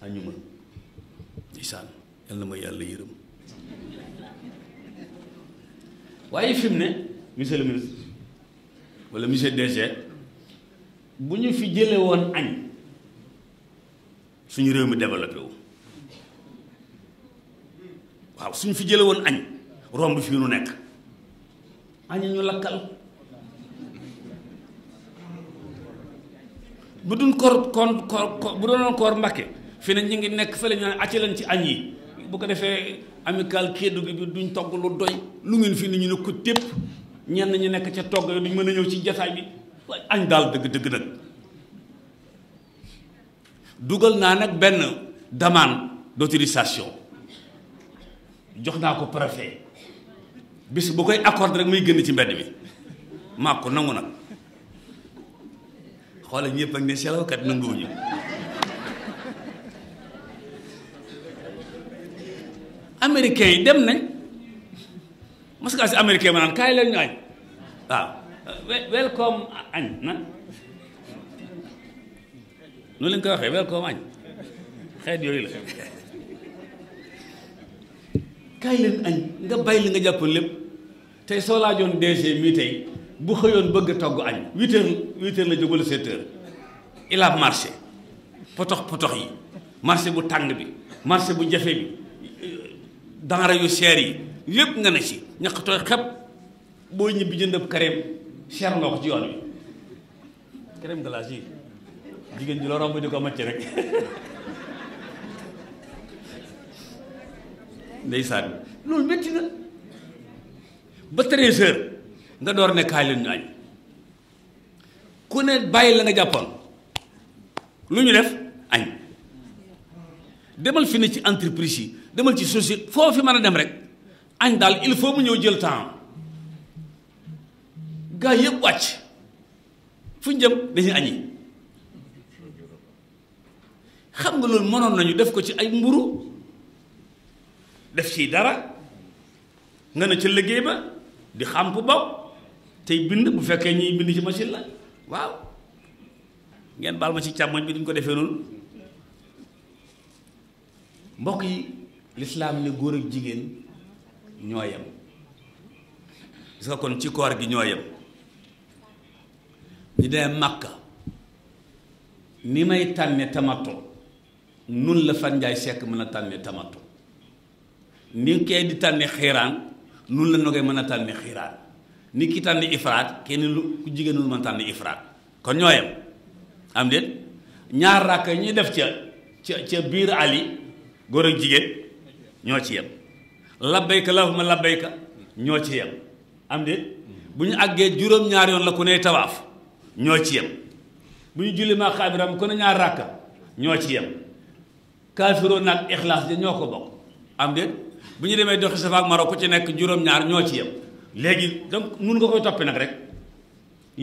añuma ndeysaan yal ma yàlla yërëm waaye fi mu ne monsieur le ministre wala monsieur bu ñu fi jële woon añ suñu réew mi développé wu waaw suñu fi jële woon añ romb fii nu nekk añu ñu lakkal bu duñ koor kon koor bu doonoon koor Mbàkke fi ne ñu ngi nekk fële ñu acca leen ci añ yi bu ko defee amical kéddu gi bi duñ togg lu doy lu ngeen fi ni ñu ne ko tépp ñenn nañu nekk ca togg duñ mën a ñëw ci jataay bi waaye añ daal dëgg dëgg nag dugal naa nag benn demande d'autorisation jox naa ko préfet bis bu koy accordé rek muy génn ci mbedd mi maa ko nangu nag xoolal ñëpp ak ne selawkat nanguwuñu américain yi dem nañ parce si américain ma naan kaay leen añ waaw welcome añ na nu leen ko waxee welcome xeet yooyu la kaay leen añ nga bàyyi li nga jàppoon lépp tey soo laajoon DG mii tey bu xëyoon bëgg a togg añ huit heures la jóg wala sept heures il potox potox yi marché bu tàng bi marché bu jafe bi denrée yu cher yi lépp nga ne ci ñaq tooy xepp boo ñibbi jënd ab crème cher nga ko ci yoon bi crème glacée jigéen ji la romb di ko macc rek ndeysaan loolu métti na ba treize heures nga door ne kaay leen ñu añ ku ne bàyyi la nga jàppoon lu ñu def añ demal fi ne ci entreprise yi demal ci société foo fi mën a dem rek añ daal il faut mu ñëw jël temps gars yëpp wàcc fu ñu jëm dañuy añi xam nga loolu mënoon nañu def ko ci ay mburu def ci dara nga ne ca liggéey ba di xàmp ba tey bind bu fekkee ñuy bind ci machine la waaw ngeen baal ma ci càmmoñ bi duñ ko defee noonu mbokk yi lislaam ne góor ak jigéen ñoo yem gis kon ci koor gi ñoo yem ñu dee màkka ni may tànne tamato nun la Fat njaay Seck mën a tànne tamattu ni kee di tànne xiiraan nun la nogay mën a tànne xiiraan ni ki tànne ifraat kenn lu ku jigéen lu mën a tànne ifraat kon ñoo yem am déet ñaar ràkk ñuy def ca ca ca biir ali góor jigéen ñoo ci yem labbayka lahuma labbayka ñoo ci yem am déet bu ñu àggee juróom-ñaar yoon la ku ne tawaaf ñoo ci yem bu ñu julli maa xaabiram ku ne ñaar ràkk ñoo ci yem kaafiroon ak ixlaas de ñoo ko bokk am déet bu ñu demee doxi safa ak maro ku ci nekk juróom-ñaar ñoo ci yem léegi donc nun nga koy toppi nag rek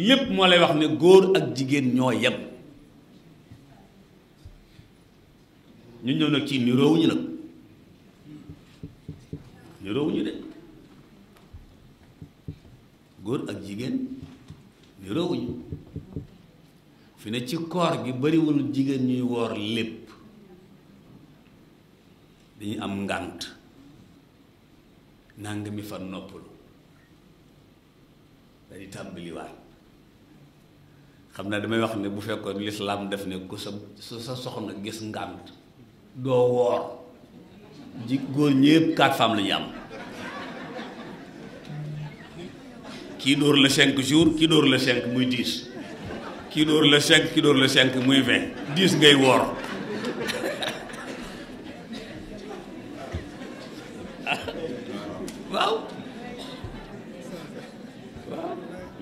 lépp moo lay wax ne góor ak jigéen ñoo yem ñu ñëw nag ci niroowuñu nag niroowuñu de góor ak jigéen niroowuñu fi ne ci koor gi bariwul jigéen ñuy woor lépp dañuy am ngànt nàng mi fa noppalu dañuy tàmbaliwaat xam naa damay wax ne bu fekkoon lislaam def ne ku sa su sa soxna gis ngànt doo woor ji góor ñëpp quatre femmes la am kii dóor la cinq jours kii dóor la cinq muy dix kii dóor la cinq kii dóor la cinq muy vingt dix ngay woor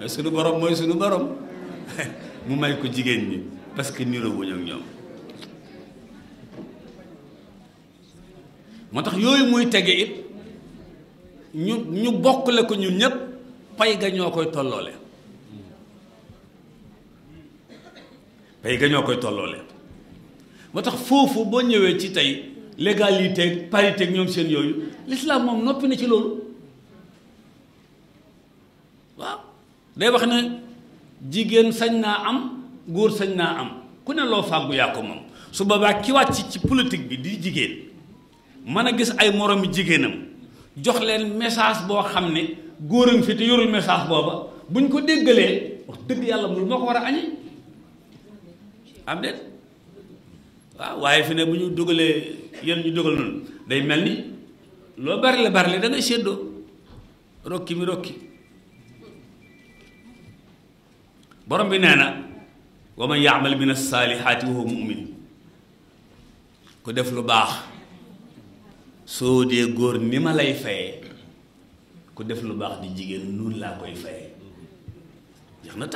suñu borom mooy suñu borom mu may ko jigéen ñi parce que niroo wuñ ñoom moo tax yooyu muy tege it ñu ñu bokk la ko ñun ñëpp pay ga ñoo koy tolloole pay ga ñoo koy tolloole moo tax foofu boo ñëwee ci tey légalité parité ak ñoom seen yooyu l'islam moom noppi na ci loolu day wax ne jigéen sañ naa am góor sañ naa am ku ne loo fàggu yaa ko moom su boobaa ki wàcc ci politique bi di jigéen mën a gis ay moroomi jigéenam jox leen message boo xam ne góoram fi te yorul message booba buñ ko déggalee wax dëgg yàlla mul moo ko war a añee am déet waaw waaye fi ne bu ñu dugalee yéen ñu dugal noonu day mel ni loo bari la bari la da ngay séddoo rokki mi rokki borom bi nee na wa man yaamal min as-saalihaati wa huwa mu'min ku def lu baax soo dee góor ni ma lay fayee ku def lu baax di jigéen nun laa koy fayee jeex def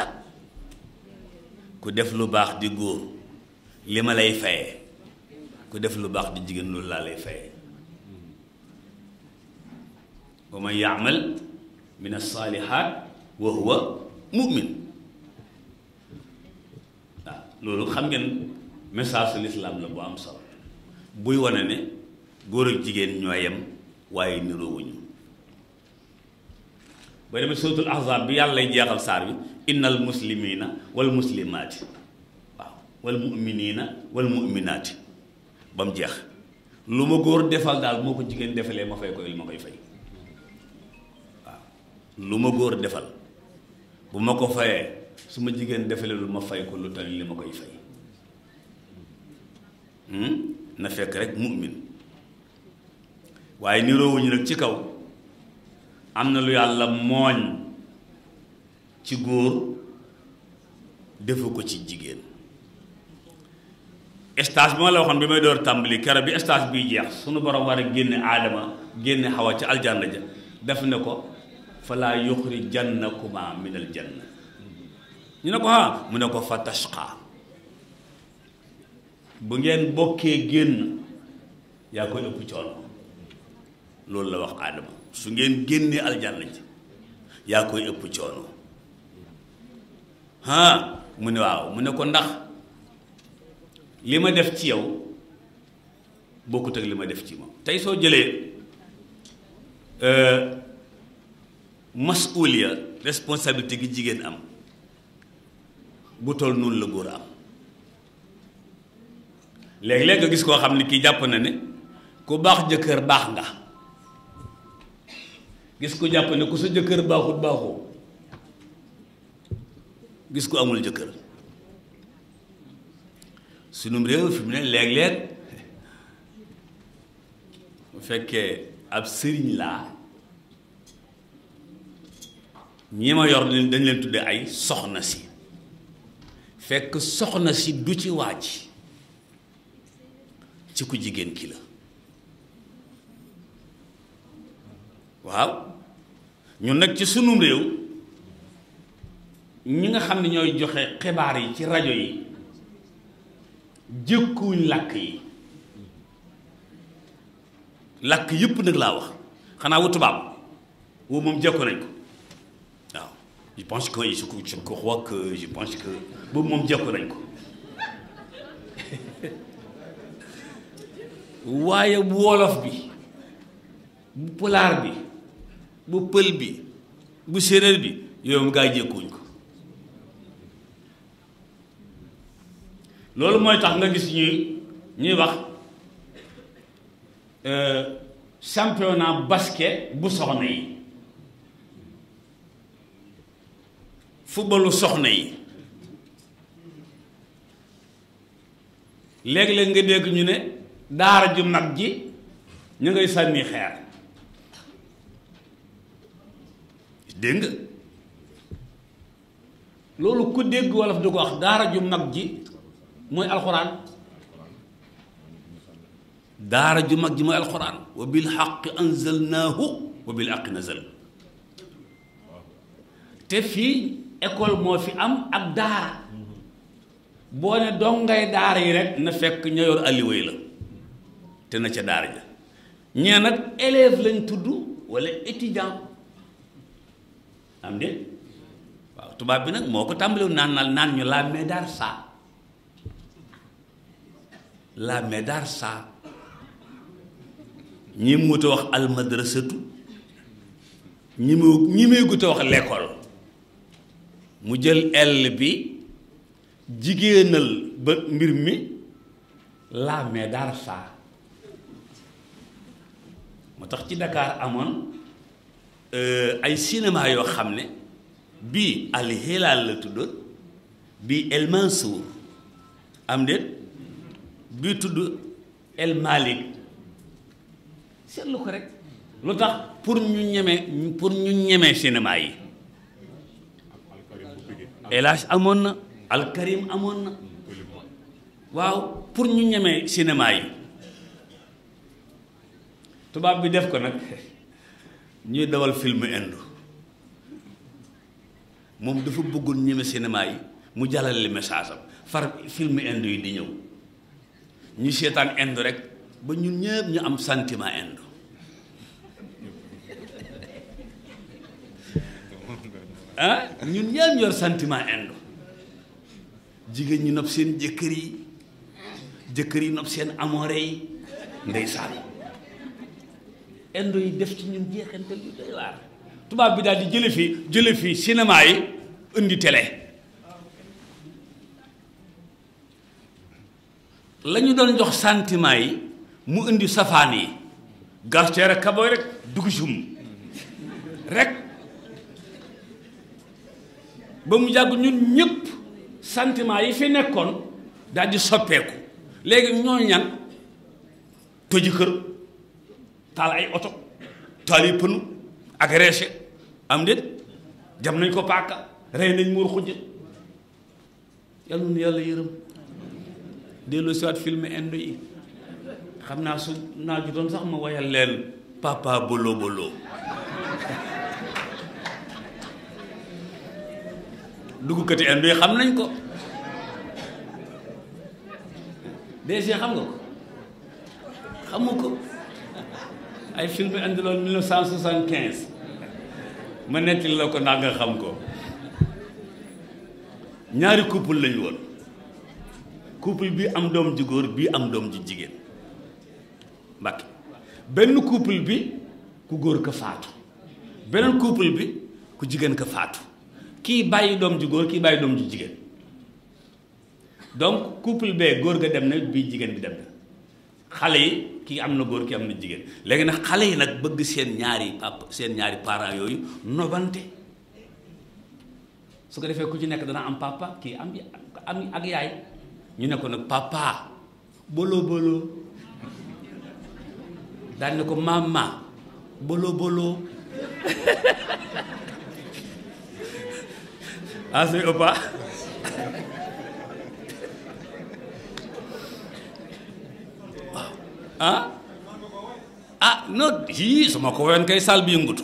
lu baax di góor li lay fayee ku def lu baax di jigéen loolu laa lay fayee wa man yaamal min as-saalihaat wa huwa mu'min loolu xam ngeen message su lislaam la bu am sol buy wane ne góor ak jigéen ñoo yem waaye niroowuñu bay demee suratul ahzab bi yàlla lay jeexal saar bi innal muslimina wal muslimaati waaw wal muminina wal muminaati ba mu jeex lu ma góor defal daal moo ko jigéen defalee ma fay ko li ma koy fay waaw lu ma góor defal bu ma ko fayee su ma jigéen defalee lu ma fay ko lu tali li ma koy fay hmm? na fekk rek mu'min waaye niroowuñu nag ci kaw am na lu yàlla mooñ ci góor defu ko ci jigéen stage bi ma la waxoon bi may door tàmbali kere bi stage biy jeex sunu borom war a génne aadama génne xawa ci aljanna ja def ne ko falaa yuxrijannakuma min aljanna ñu ne ko ah mu ne ko fa tashqa bu ngeen bokkee génn yaa koy ëpp coono loolu la wax aadama su ngeen génnee aljanna ci yaa koy ëpp coono ah mu ne waaw mu ne ko ndax li ma def ci yow bokkut ak li ma def ci moom tey soo jëlee euh, masuliya responsabilité gi jigéen am bu toll noonu la góor am léeg-léeg nga gis koo xam ne ki jàpp na ne ku baax jëkkër baax nga gis ku jàpp ne ku sa jëkkër baaxut baaxoo gis ku amul jëkkër sunum réew fi mu ne léeg-léeg bu fekkee ab sëriñ laa ñi ma yor dañ leen tudde ay soxna si fekk soxna si du ci waaj ci ku jigéen ki la waaw ñun nag ci sunum réew ñi nga xam ne ñooy joxe xibaar yi ci rajo yi jëkkuwuñ làkk yi làkk yëpp nag laa wax xanaa wu tubaab wu moom jëkku nañ ko je pense que je je crois que je pense que boobu moom jekku nañ ko waaye bu wolof bi bu pulaar bi bu pël bi bu séeréer bi yooyu gaa yi ko loolu mooy tax nga gis ñuy ñuy wax euh, championnat baske bu soxna yi footballu soxna yi léeg-léeg nga dégg ñu ne daara ju mag ji ñu ngay sànni xeer dégg loolu ku dégg wolof di ko wax daara ju mag ji mooy alxuraan daara ju mag ji mooy alxuraan wa bil xaqi anzalnaahu wa bil xaqi nazal te fii école moo fi am ak daara boo ne dongay daara yi rek na fekk ña yor alliway la te na ca daara ja ñee nag élève lañ tudd walla etijan am de waaw tubaab bi nag moo ko tàmbaliwul naan naan ñu la daar sa la médar sa ñi mu wax almadrasatu ñi mu wax l'école mu jël el bi jigéenal ba mbir mi laamee dara saa moo tax ci ndakaar amoon euh, ay cinéma yoo xam ne bii Al Hilal la tuddoon bii El Mansour am déet bii tudd El Malik seetlu ko rek lu tax pour ñu ñeme pour ñu ñeme cinéma yi elage amoon na alkarim amoon na waaw pour ñu ñemee cinéma yi tubaab bi def ko nag ñuy dawal film indo moom dafa bëggoon ñeme cinéma yi mu jàllale message am far film indo yi di ñëw ñu seetaan indo rek ba ñu ñëpp ñu am santiment indo ah ñun ñaar ñor sentiment indo jigéen ñi nopp seen jëkkër yi jëkkër yi nopp seen amoore yi ndeysaan indo yi def ci ñun jeexantal yu doy waar tubaab bi daal di jële fi jële fi cinéma yi indi télé la ñu doon jox santiment yi mu indi safaan yi garceer ak kaboy rek dugusum rek ba mu jàgg ñun ñëpp sentiment yi fi nekkoon daal di soppeeku léegi ñoo ñan tëji kër taal ay oto taal yi pënu ak reese am déet jam nañ ko paaka rey nañ muur xujj yàlla nu yàlla yërëm delloo siwaat film indo yi xam naa su naa ju doon sax ma wayal leen papa bolo bolo duggukati indo yi xam nañ ko DG xam nga ko xamu ko ay film indi loon 1975 ma nettali la ko ndax nga xam ko ñaari couple lañu woon couple bi am doom ju góor bii am doom ju jigéen mbàkki benn couple bi ku góor ko faatu beneen couple bi ku jigéen ko faatu kii bàyyi doom ju góor kii bàyyi doom ju jigéen donc couple bee góor ga dem na bii jigéen bi dem na xale yi kii am na góor kii am na jigéen léegi nag xale yi nag bëgg seen ñaari papa seen ñaari parent yooyu nobante su ko defee ku ci nekk dana am papa kii am ak yaay ñu ne ko nag papa bolo bolo daañu ne ko mama bolo bolo ah c'est ou su ma ko woyoon kay saal bi yëngutu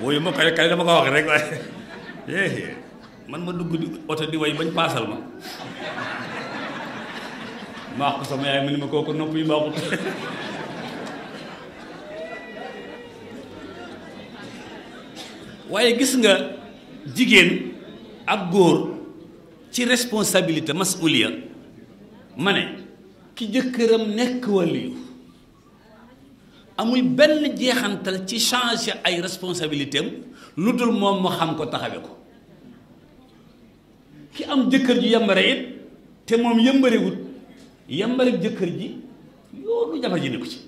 woyu ma kay kay dama ko wax rek waaye yee eh, eh. man ma dugg di oto di way bañ paasal ma maa ko sama yaay mu ni ma kooku nopp yi baaxut waaye gis nga jigéen ak góor ci responsabilité masuliya ma ne ki jëkkëram nekk waliyu amul benn jeexantal ci change ay responsabilité lu dul moom mu xam ko taxawe ko ki am jëkkër ji yambare it te moom yëmbarewut yambare jëkkër ji yoonu jabar ji ne ko ci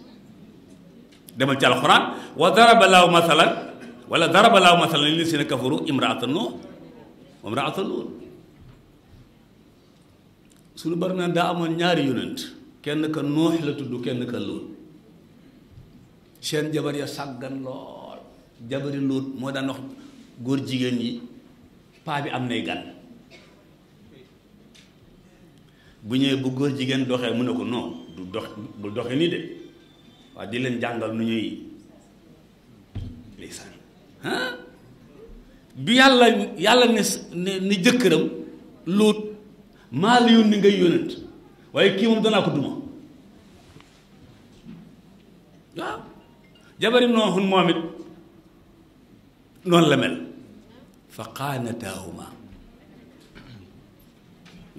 demal ci alxuraan wa daraba laahu mathalan wala daraba laahu masalan lillazina kafaru imraatan nuuh wa imraatan luut suñu bari naan daa amoon ñaari yonent kenn ka nuux la tudd kenn ka luut seen jabar ya sàggan lool jabari luut moo daan wax góor jigéen yi paa bi am nay gan bu ñëwee bu góor jigéen doxee mu ne ko non du dox bu doxe nii de waaye di leen jàngal nu ñuy ndeysaan bi yàlla yàlla ne ne jëkkëram lóot maa la yónni ngay yónnent waaye kii moom danaa ko duma waaw jabari nooxun moom it noonu la mel fa xaanataahuma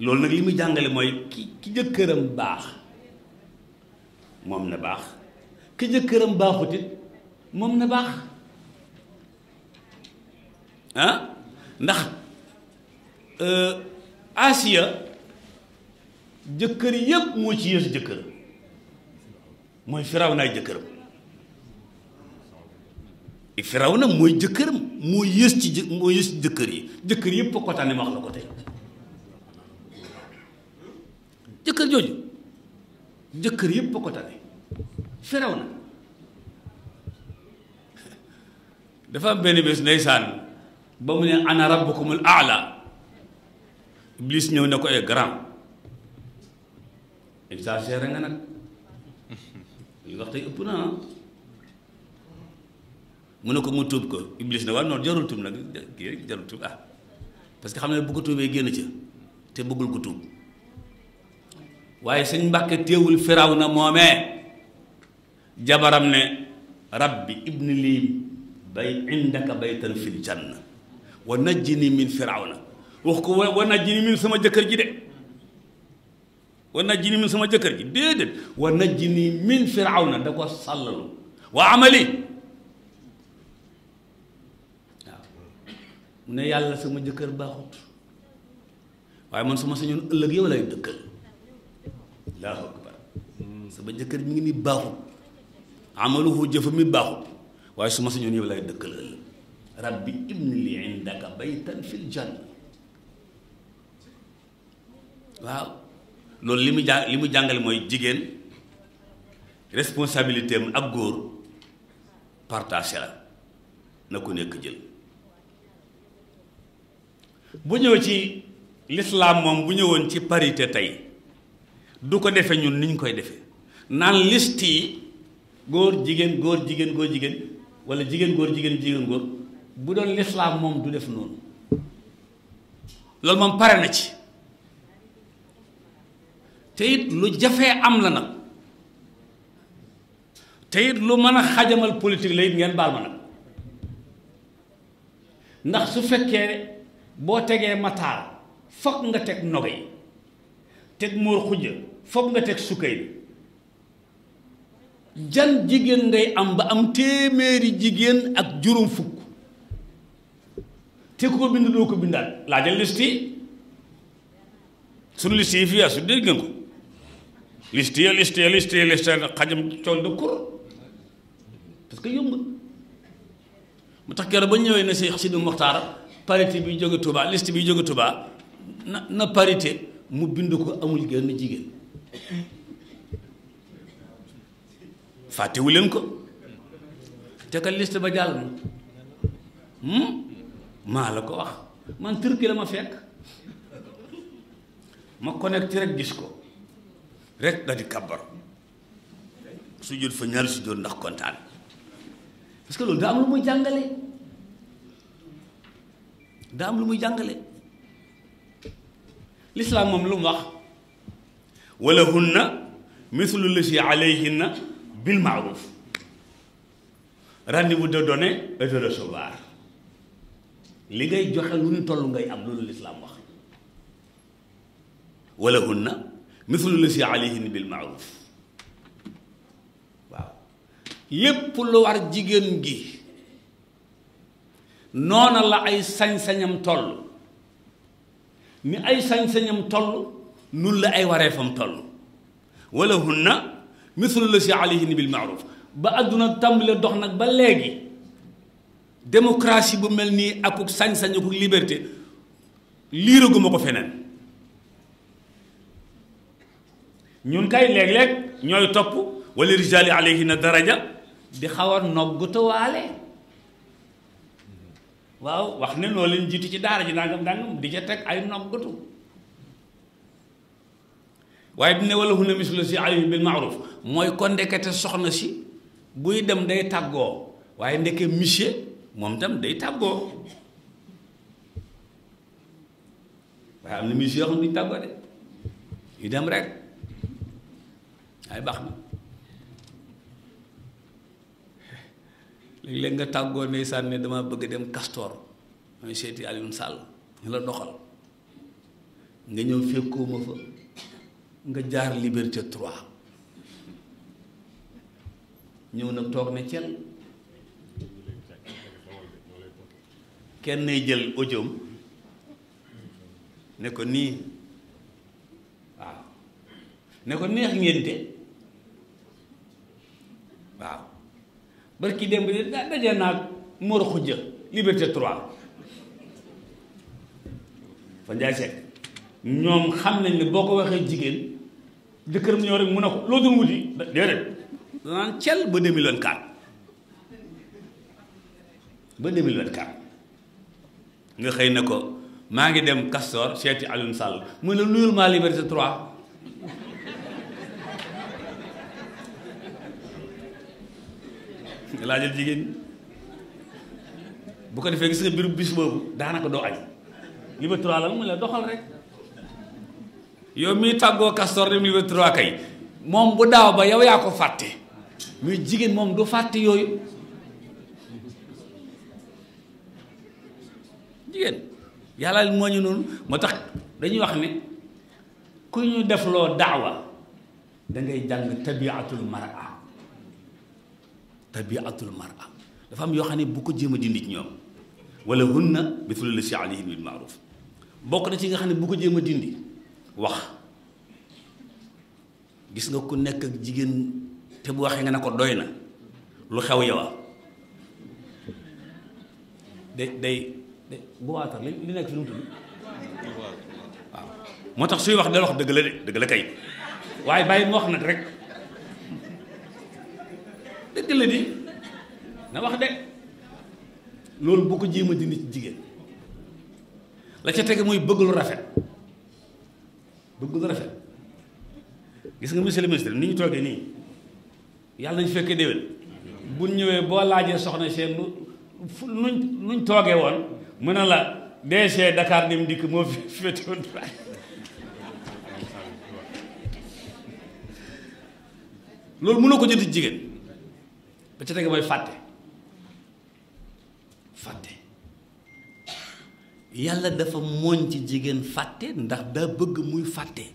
loolu nag li muy jàngale mooy ki ki jëkkëram baax moom na baax ki jëkkëram baaxutit moom na baax ah ndax euh, Asiya jëkkër yépp moo ci yeesu jëkkër mooy firaw naay jëkkëram firaw na mooy jëkkëram moo yées yées ci jëkkër yi jëkkër yépp a ko tànne ma wax la ko tey jëkkër jooju jëkkër yépp a ko tànne firaw na dafa am benn bés ndeysaan ba mu ne ana rabbukumul aala iblis ñëw ne ko ay eh, grand exagéré nga nag yu wax tey ëpp naa ah. mu ne ko mu tuub ko iblis ne waa noonu jarul tuub nag kii jarul tuub ah parce que xam ne bu ko tuubee génn ci te bëggul ko tuub waaye sëñ Mbàkke teewul firaw na moomee jabaram ne rabbi ibni lii bay indaka baytan fil janna wa najjini min firawna wax ko wa najjini min sama jëkkër ji de wa najjini min sama jëkkër ji déedéet wa najjini min firawna da ko sàllalu waa amali waaw mu ne yàlla sama jëkkër baaxut waaye man su ma sañoon ëllëg yow lay dëkkal allahu akbar sama jëkkër mi ngi ni baaxut amaluhu jëfa mi baaxut waaye su ma sañoon yow lay dëkkal ëllëg rabbi ibni li indaka baytan fil waaw loolu li mu jàng li jàngale mooy jigéen responsabilité ak góor partage la na ku nekk jël bu ñëw ci lislaam moom bu ñëwoon ci parité tey du ko defe ñun niñ koy defe naan liste yi góor jigéen góor jigéen góor jigéen wala jigéen góor jigéen jigéen góor bu doon lislaam moom du def noonu loolu moom pare na ci te it lu jafee am la nag te it lu mën a xajamal politique la it ngeen baal ma nag ndax su fekkee boo tegee mataar foog nga teg noge yi teg móor xujja foog nga teg sukkay bi jan jigéen ngay am ba am téeméeri jigéen ak juróom fukk te ku ko bind doo ko bindaat laajal liste yi suñu liste yi fii su dégg ko liste yi liste yi liste yi liste xajam coon de parce que yomb mu tax keroog ba ñëwee na Cheikh Sidi Mokhtar parité bi jóge Touba liste bi jóge Touba na na parité mu bind ko amul genn jigéen fàttewu leen ko te ka liste ba jàll na hmm? maa la ko wax man turki la ma fekk ma connecté rek gis ko rek da di kàbbar sujjóot fa ñaari sujjóot ndax kontaan parce que loolu daa am lu muy jàngale daa am lu muy jàngale lislaam moom lu mu wax wala hunna mithlu lasi alayhinna bil maaruf rendez-vous de donner et de recevoir li ngay joxe lu ñu toll ngay am loolu lislaam wax wala hunna mithlu lisi alayhin bil maaruf waaw lépp lu war jigéen gi noona la ay sañ-sañam toll ni ay sañ-sañam toll nun la ay wareefam toll wala hunna mithlu lisi alayhin bil maaruf ba àdduna tàmbale dox nag ba léegi démocratie bu mel nii akuk sañ-sañ akuk liberté liiraguma ko feneen ñun kay léeg-léeg ñooy topp wala rijaali alayhina daraja di xaw a noggutuwaale waaw wax ne loolu leen jiitu ci daara ji nangam nangam di ca teg ay noggutu waaye dine wala hunna mislu si alayhi bil maaruf mooy ko ndekete soxna si buy dem day tàggoo waaye ndeke monsieur moom tam day tàggoo waaye am na musique yoo xam ne tàggoo de ñu dem rek ay baax na léeg-léeg nga tàggoo ndeysaan ne dama bëgg dem Castor mooy seeti Alioune Sall ñu la doxal nga ñëw fekkoo fa nga jaar Liberté 3 ñëw nag toog ne cel kenn nay jël audio ne ko nii waaw ne ko neex ngénte waaw barki démb de da daje naag Mor Khoudia Liberté 3 fa Ndiaye Seck ñoom xam nañ ne boo ko waxee jigéen jëkkëram ñoo rek mun a ko loo doon wuti déedéet danaan cel ba 2024 ba 2024 nga xëy na ko maa ngi dem Castor seeti Alioune Sall mu ne nuyul maa Liberté 3 nga laajal jigéen bu ko defee gis nga biir bis boobu daanaka doo añ Liberté 3 la mu la doxal rek yow miy tàggoo Castor dem Liberté 3 kay moom bu daaw ba yow yaa ko fàtte muy jigéen moom du fàtte yooyu. jigéen yàlla moo ñu noonu moo tax dañuy wax ne ku ñu def loo daawa da ngay jàng tabiatul mara tabiatul mara dafa am yoo xam ne bu ko jéem a dindi ci ñoom wala hunna mithlu lasi alayhim bil maaruf bokk na ci nga xam ne bu ko jéem a dindi wax gis nga ku nekk ak jigéen te bu waxee nga ne ko doy na lu xew yowa day day de bu waatar li li nekk fi nu mu waaw moo tax suy wax del wax dëgg la de dëgg la kay waaye bàyyi mu wax nag rek dëgg la di na wax de loolu bu ko jéem a dindi jigéen la ca tege mooy bëgg lu rafet bëgg lu rafet gis nga monsieur le ministre ni ñu toogee nii yàlla nañu fekkee déwén bu ñëwee boo laajee soxna seen lu nuñ nuñ toogee woon mu na la DG Dakar Dem Dikk moo fi féetewoon loolu mënoo ko jënd jigéen ba ca tege mooy fàtte fàtte yàlla dafa mooñ ci jigéen fàtte ndax daa bëgg muy fàtte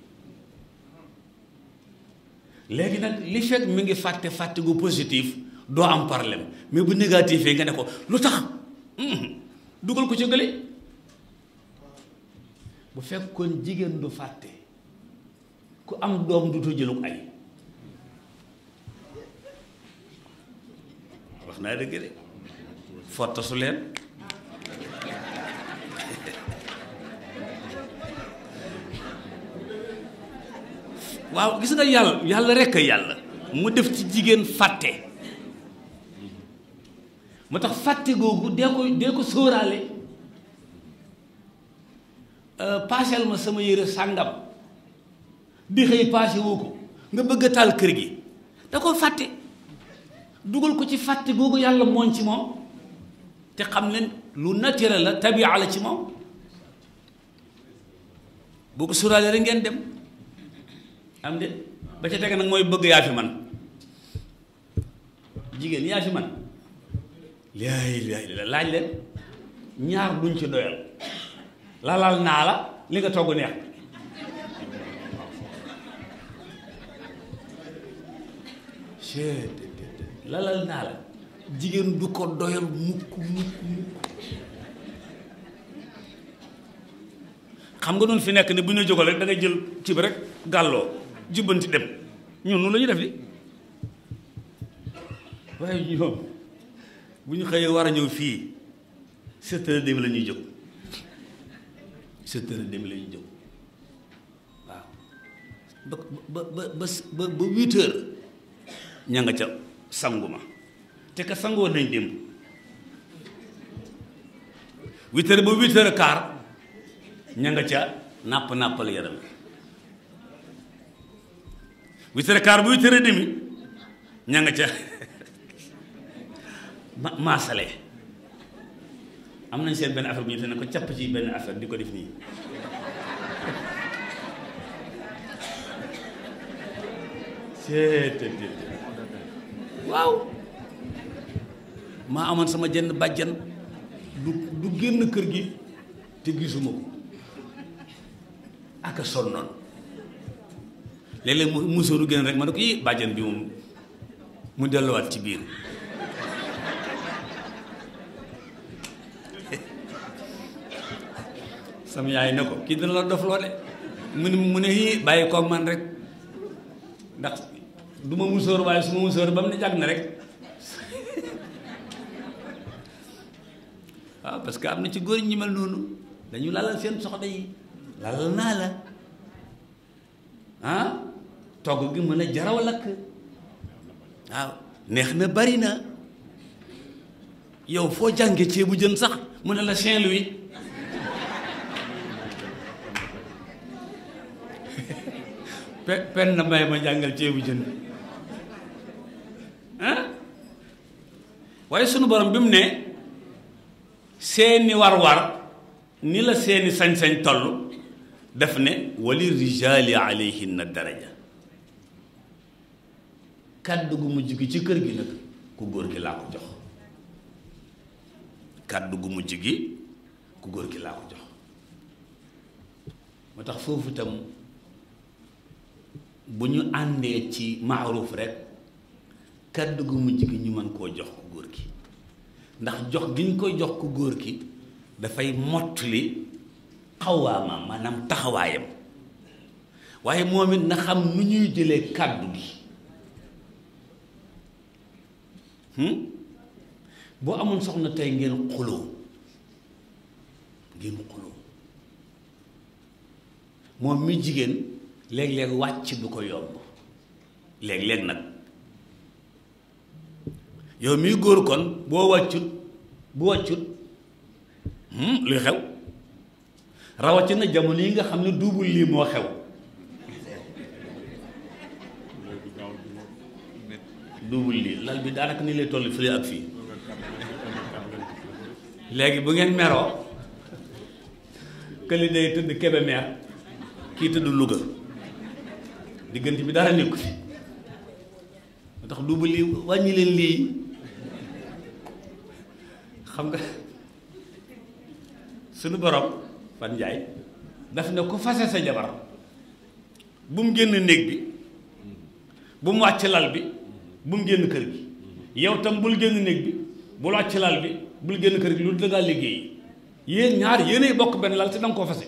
léegi nag li fekk mu ngi fàtte fàtte gu positif doo am problème mais bu négatif nga ne ko lu tax hmm. dugal ko ca gële bu fekkoon jigéen du fàtte ku am doom du tëjalug ay wax naa dëgg de fottasu leen waaw gis nga yàlla yàlla rekk yàlla mu def ci jigéen fàtte moo tax fàtte googu dee ko dee ko sóoraale euh, paaseel ma sama yére sàngam bi xëy paase woo ko nga bëgg a taal kër gi da ko fàtte dugal ko ci fàtte googu yàlla mooñ ci moom te xam ne lu naturel la tabia la ci moom boo ko sóoraale rek ngeen dem am de ba ca teg nag mooy bëgg yaa fi man jigéen yaa fi man laay laay laaj leen ñaar duñ ci doyal lalal naa la li nga togg neex lalal naa la jigéen du ko doyal mukk mukk mukk xam nga noonu fi nekk ne bu ñu jógal rek da jël ci bi rek gàlloo jubbanti dem ñun noonu la def di waaye ñoom bu ñu xëyee war a ñëw fii sept heures dem la ñuy jóg sept heures dem la ñuy jóg waaw ba ba ba ba ba huit heures nga ca sangu ma te ka sangoo nañ démb huit heures ba huit heures quart ña nga ca nàpp-nàppal yaram huit heures quart ba huit heures demi ña nga ca maasale am nañ seen benn affaire bu ñu te ne ko capp ci benn affaire di ko def nii waaw maa amoon sama jenn bàjjan du du génn kër gi te gisuma ko aka sonnoon léeg-léeg mu musóoru génn rek ma ne ko yii bàjjan bi moom mu delluwaat ci biir sama yaay na ko kii dina la dof de mu ne mu ne yii bàyyi koog man rek ndax duma ma musóor waaye su ma ba mu ne jàng na rek waaw ah, que am na ci góor ñi mel noonu dañu lalal seen soxna yi lalal naa la ah togg gi mën a jaraw lakk waaw neex na bari na yow foo jànge ceebu jën sax mu ne la saint wi pe pen na mbay ma jàngal ceebu jën waaye sunu borom bi mu ne seeni war ni la seeni sañ-sañ toll daf ne wali rijaali alayhinna daraja kàddu gu mujj gi ci kër gi nag ku góor gi laa ko jox kàddu gu mujj gi ku góor gi laa ko jox moo tax foofu tam bu ñu àndee ci maaruf rek kàddu gu mujj gi ñu mën koo jox ku góor gi ndax jox gi ñu koy jox ku góor gi dafay mottali xawaamaam maanaam taxawaayam waaye moom it na xam nu ñuy jëlee kàddu gi hmm? boo amoon soxna tey ngeen xuloo ngeen xuloo moom mi jigéen léeg-léeg wàcc du ko yomb léeg-léeg nag yow miy góor kon boo wàccut bu wàccut hmm, luy xew rawatina jamono yi nga xam ni duubul lii moo xew duubul lii lal bi daanaka ni lay toll fii ak fii léegi bu ngeen meroo këli day tëdd Kébémer kii tëdd Louga diggante bi dara nekku fi moo tax duubu wàññi leen lii xam nga suñu borom fan njaay daf ne ku fase sa jabar bu mu génn néeg bi bu mu wàcc lal bi bu mu génn kër gi yow tam bul génn néeg bi bul wàcc lal bi bul génn kër gi lu dangaa liggéey yéen ñaar yéenay bokk benn lal te danga koo fase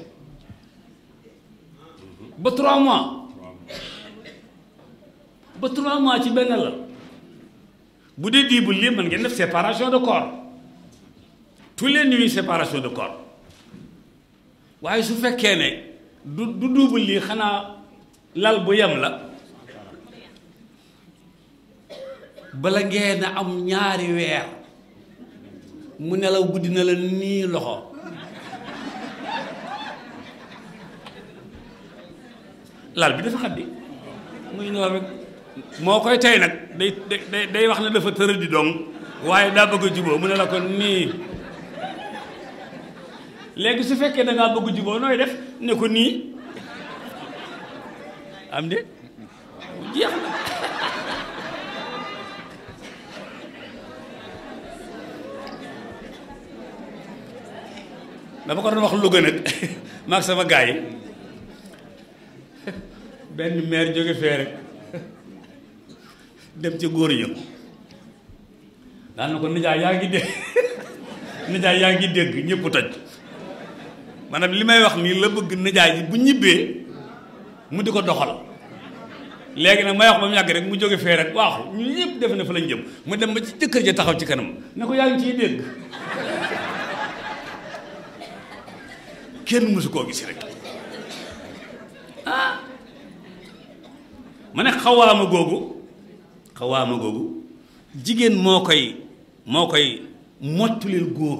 ba trois mois ba trois mois ci benn la bu dee diibul lii mën ngeen def séparation de corps tous les nuits séparation de corps waaye su fekkee ne du du lii xanaa lal bu yem la bala ngeen a am ñaari weer mu nelaw guddi na la nii loxo lal bi dafa xaddi muy nelaw rek moo koy tey nag day day day wax ne dafa tëral di dong waaye daa bëgg a juboo mu ne la kon nii léegi su fekkee da ngaa bëgg juboo nooy def ne ko nii am de jeex ko doon wax Louga nag maag sama gars yi benn maire jóge fee rek dem ci góor ña daan na ko nijaay yaa ngi dégg nijaay yaa ngi dégg ñëpp toj maanaam li may wax nii la bëgg nijaay ji bu ñibbee mu di ko doxal léegi nag may wax ba mu yàgg rek mu jóge fee rek waaxu ñu ñëpp def na fa lañ jëm mu dem ba ci jëkkër ja taxaw ci kanam ne ko yaa ngi ciy dégg kenn mësu koo gis rek ah. ma ne xawaama googu xawaama googu jigéen moo koy moo koy mottulil góor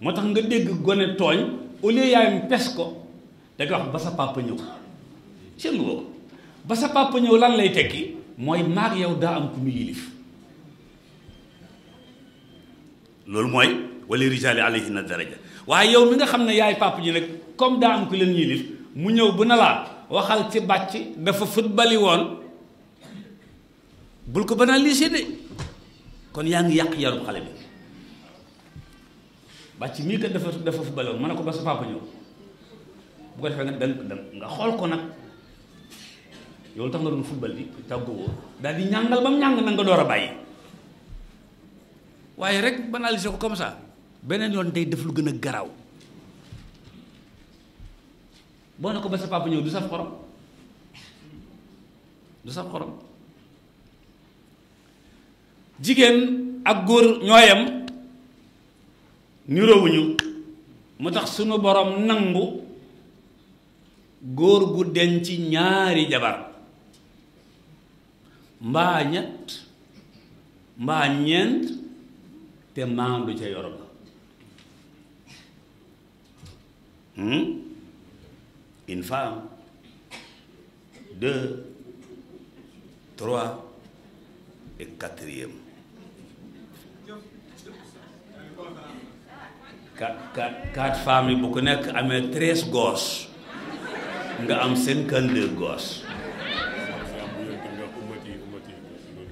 moo tax nga dégg gone tooñ au lieu yaayam pes ko da wax ba sa papa ñëw seetlu nga ko ba sa papa ñëw lan lay tekki mooy maag yow daa am ku ñu yilif loolu mooy wala rijaali alayhinna daraja waaye yow mi nga xam ne yaay papa ji nag comme daa am ku leen yilif mu ñëw bu na laa waxal ci bàcc dafa futbali woon bul ko banaliser de kon yaa ngi yàq yarum xale bi bàcc mii kat dafa dafa fu baloon mën na ko ba sa papa ñëw bu ko defee nga dang dang nga xool ko nag yow tax nga doon football bi tàgguwoo daal di ñàngal ba mu ñàng na nga door a bàyyi waaye rek banaliser ko comme sax beneen yoon day def lu gën a garaaw boo ne ko ba sa papa ñëw du saf xorom du saf xorom jigéen ak góor ñooyam niroowuñu mu tax sunu borom nangu góor gu denc ñaari jabar mbaa ñett mbaa ñeent te maam du ca yoroba hmm? une femme deux trois et quatrième quatre quatre quatre femmes yi bu ko nekk amee treize gosses nga am cinquante deux gosses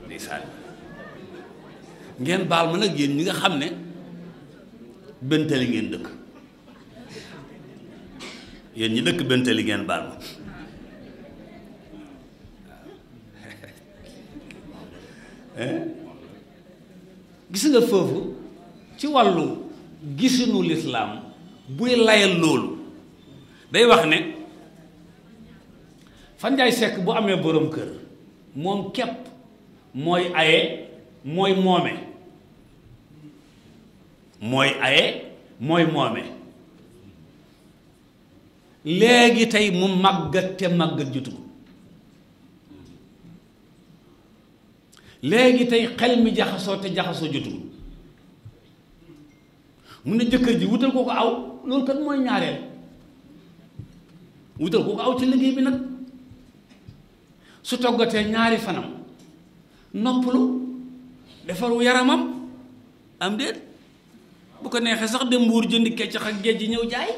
ndeysaan ngeen baal ma nag yéen ñi nga xam ne bentali ngeen dëkk yéen ñi dëkk bentali ngeen baal ma gis nga foofu ci wàllu gisinu lislaam buy layal loolu day wax ne fanjaay sekk bu amee boroom kër moom képp mooy aye mooy moome mooy aye mooy léegi tey mu màggat te màggat jutu léegi tey xel mi jaxasoo te jaxasoo jutu mu ne jëkkër ji wutal koo ko aw loolu kat mooy ñaareel wutal ko ko aw ci liggéey bi nag su toggatee ñaari fanam noppalu defaru yaramam am déet bu ko neexee sax dem mbuur jëndi keccax ak géej ji ñëw jaay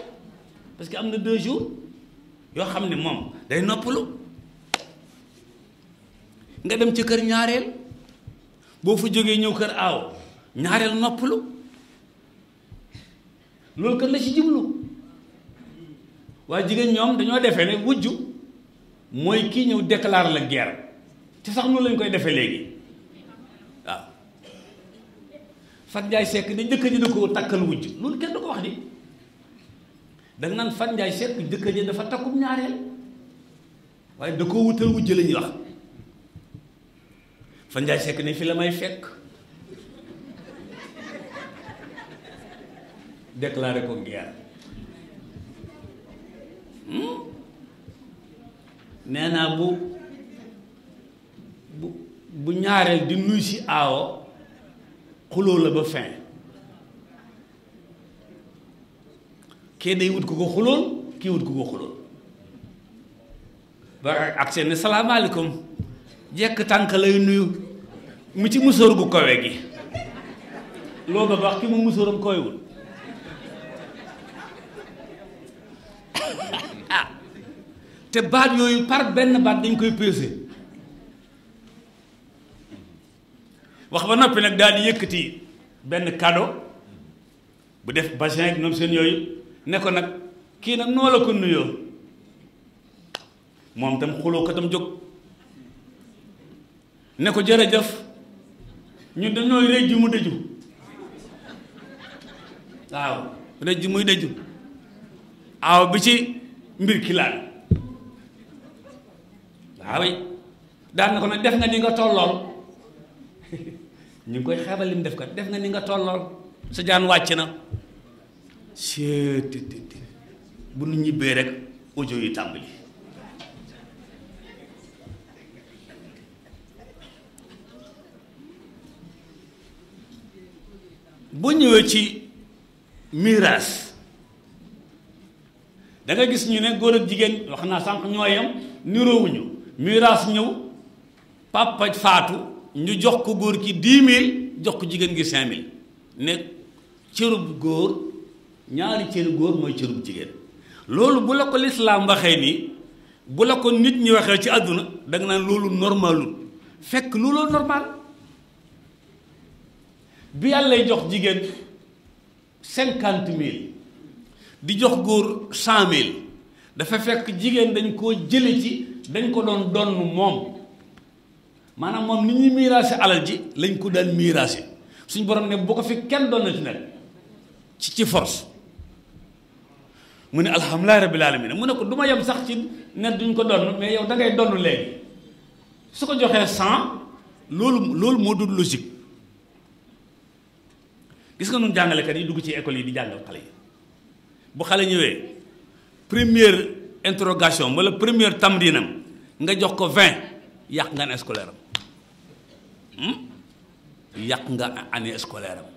parce que am na deux jours yoo xam ne moom day noppalu nga dem ci kër ñaareel boo fa jógee ñëw kër aaw ñaareel noppalu loolu kat la ci jiblu waa jigéen ñoom dañoo defee ne wujju mooy kii ñëw déclare la geer te sax noonu lañ koy defee léegi waaw Fat Njaay Sekk ne njëkk ji da ko takkal wujj loolu kenn du ko wax di danga naan Fat Njaay Sekk njëkk ji dafa takkum ñaareel waaye da koo wutal wujj lañuy wax Fat Njaay Sekk ne fii la may fekk déclaré ko guerre hmm? nee naa bu bu bu ñaareel di nuy si aawo xuloo la ba fin kee day wut ko ko xulool kii wut ko ko xulool ba ak seen salaamaaleykum jekk tànk lay nuyu mu ci musóor gu kawe gi loo ba baax ki mu musóoram kawewul te baat yooyu par benn baat dañ koy peese wax ba noppi nag daal di yëkkati benn cadeau bu def basin ak ñoom seen yooyu ne ko nag kii nag noo la ko nuyoo moom tam xuloo ko tam jóg ne ko jërëjëf ñun dañoo rëj ji mu dëju waaw rëj ji muy dëju aaw bi ci mbir ki waaw daan na ko nag def nga ni nga tollool ñu ngi koy xeebal lim def kat def nga ni nga tollool sa jaan wàcc na bu nu ñibbee rek audio yu bu ñëwee ci miraas danga gis ñu ne góor ak jigéen wax naa sànq ñooyam niroowuñu miraas ñëw papa faatu ñu jox ko góor ki dix mille jox ko jigéen gi cinq mille ne cërub góor ñaari cëru góor mooy cërub jigéen loolu bu la ko lislaam waxee nii bu la ko nit ñi waxee ci àdduna danga naan loolu normalul fekk looloo normal bi yàllay jox jigéen cinquante mille di jox góor cent mille dafa fekk jigéen dañ koo jële ci dañ ko doon donn moom maanaam moom ni ñuy miiraase alal ji lañ ko daan miiraase suñ borom ne boo ko fi kenn doon ci nag ci ci force mu ne alhamdulilah rabbil alamin mu ne ko du ma yem sax ci ne duñ ko donn mais yow da ngay donn léegi su ko joxee cent loolu loolu moo dul logique gis nga nun jàngalekat yi dugg ci école yi di jàngal xale yi bu xale ñëwee première. interrogation wala première tam diinam nga jox ko 20 yàq nga année scolaire am hmm? yàq nga année scolaire am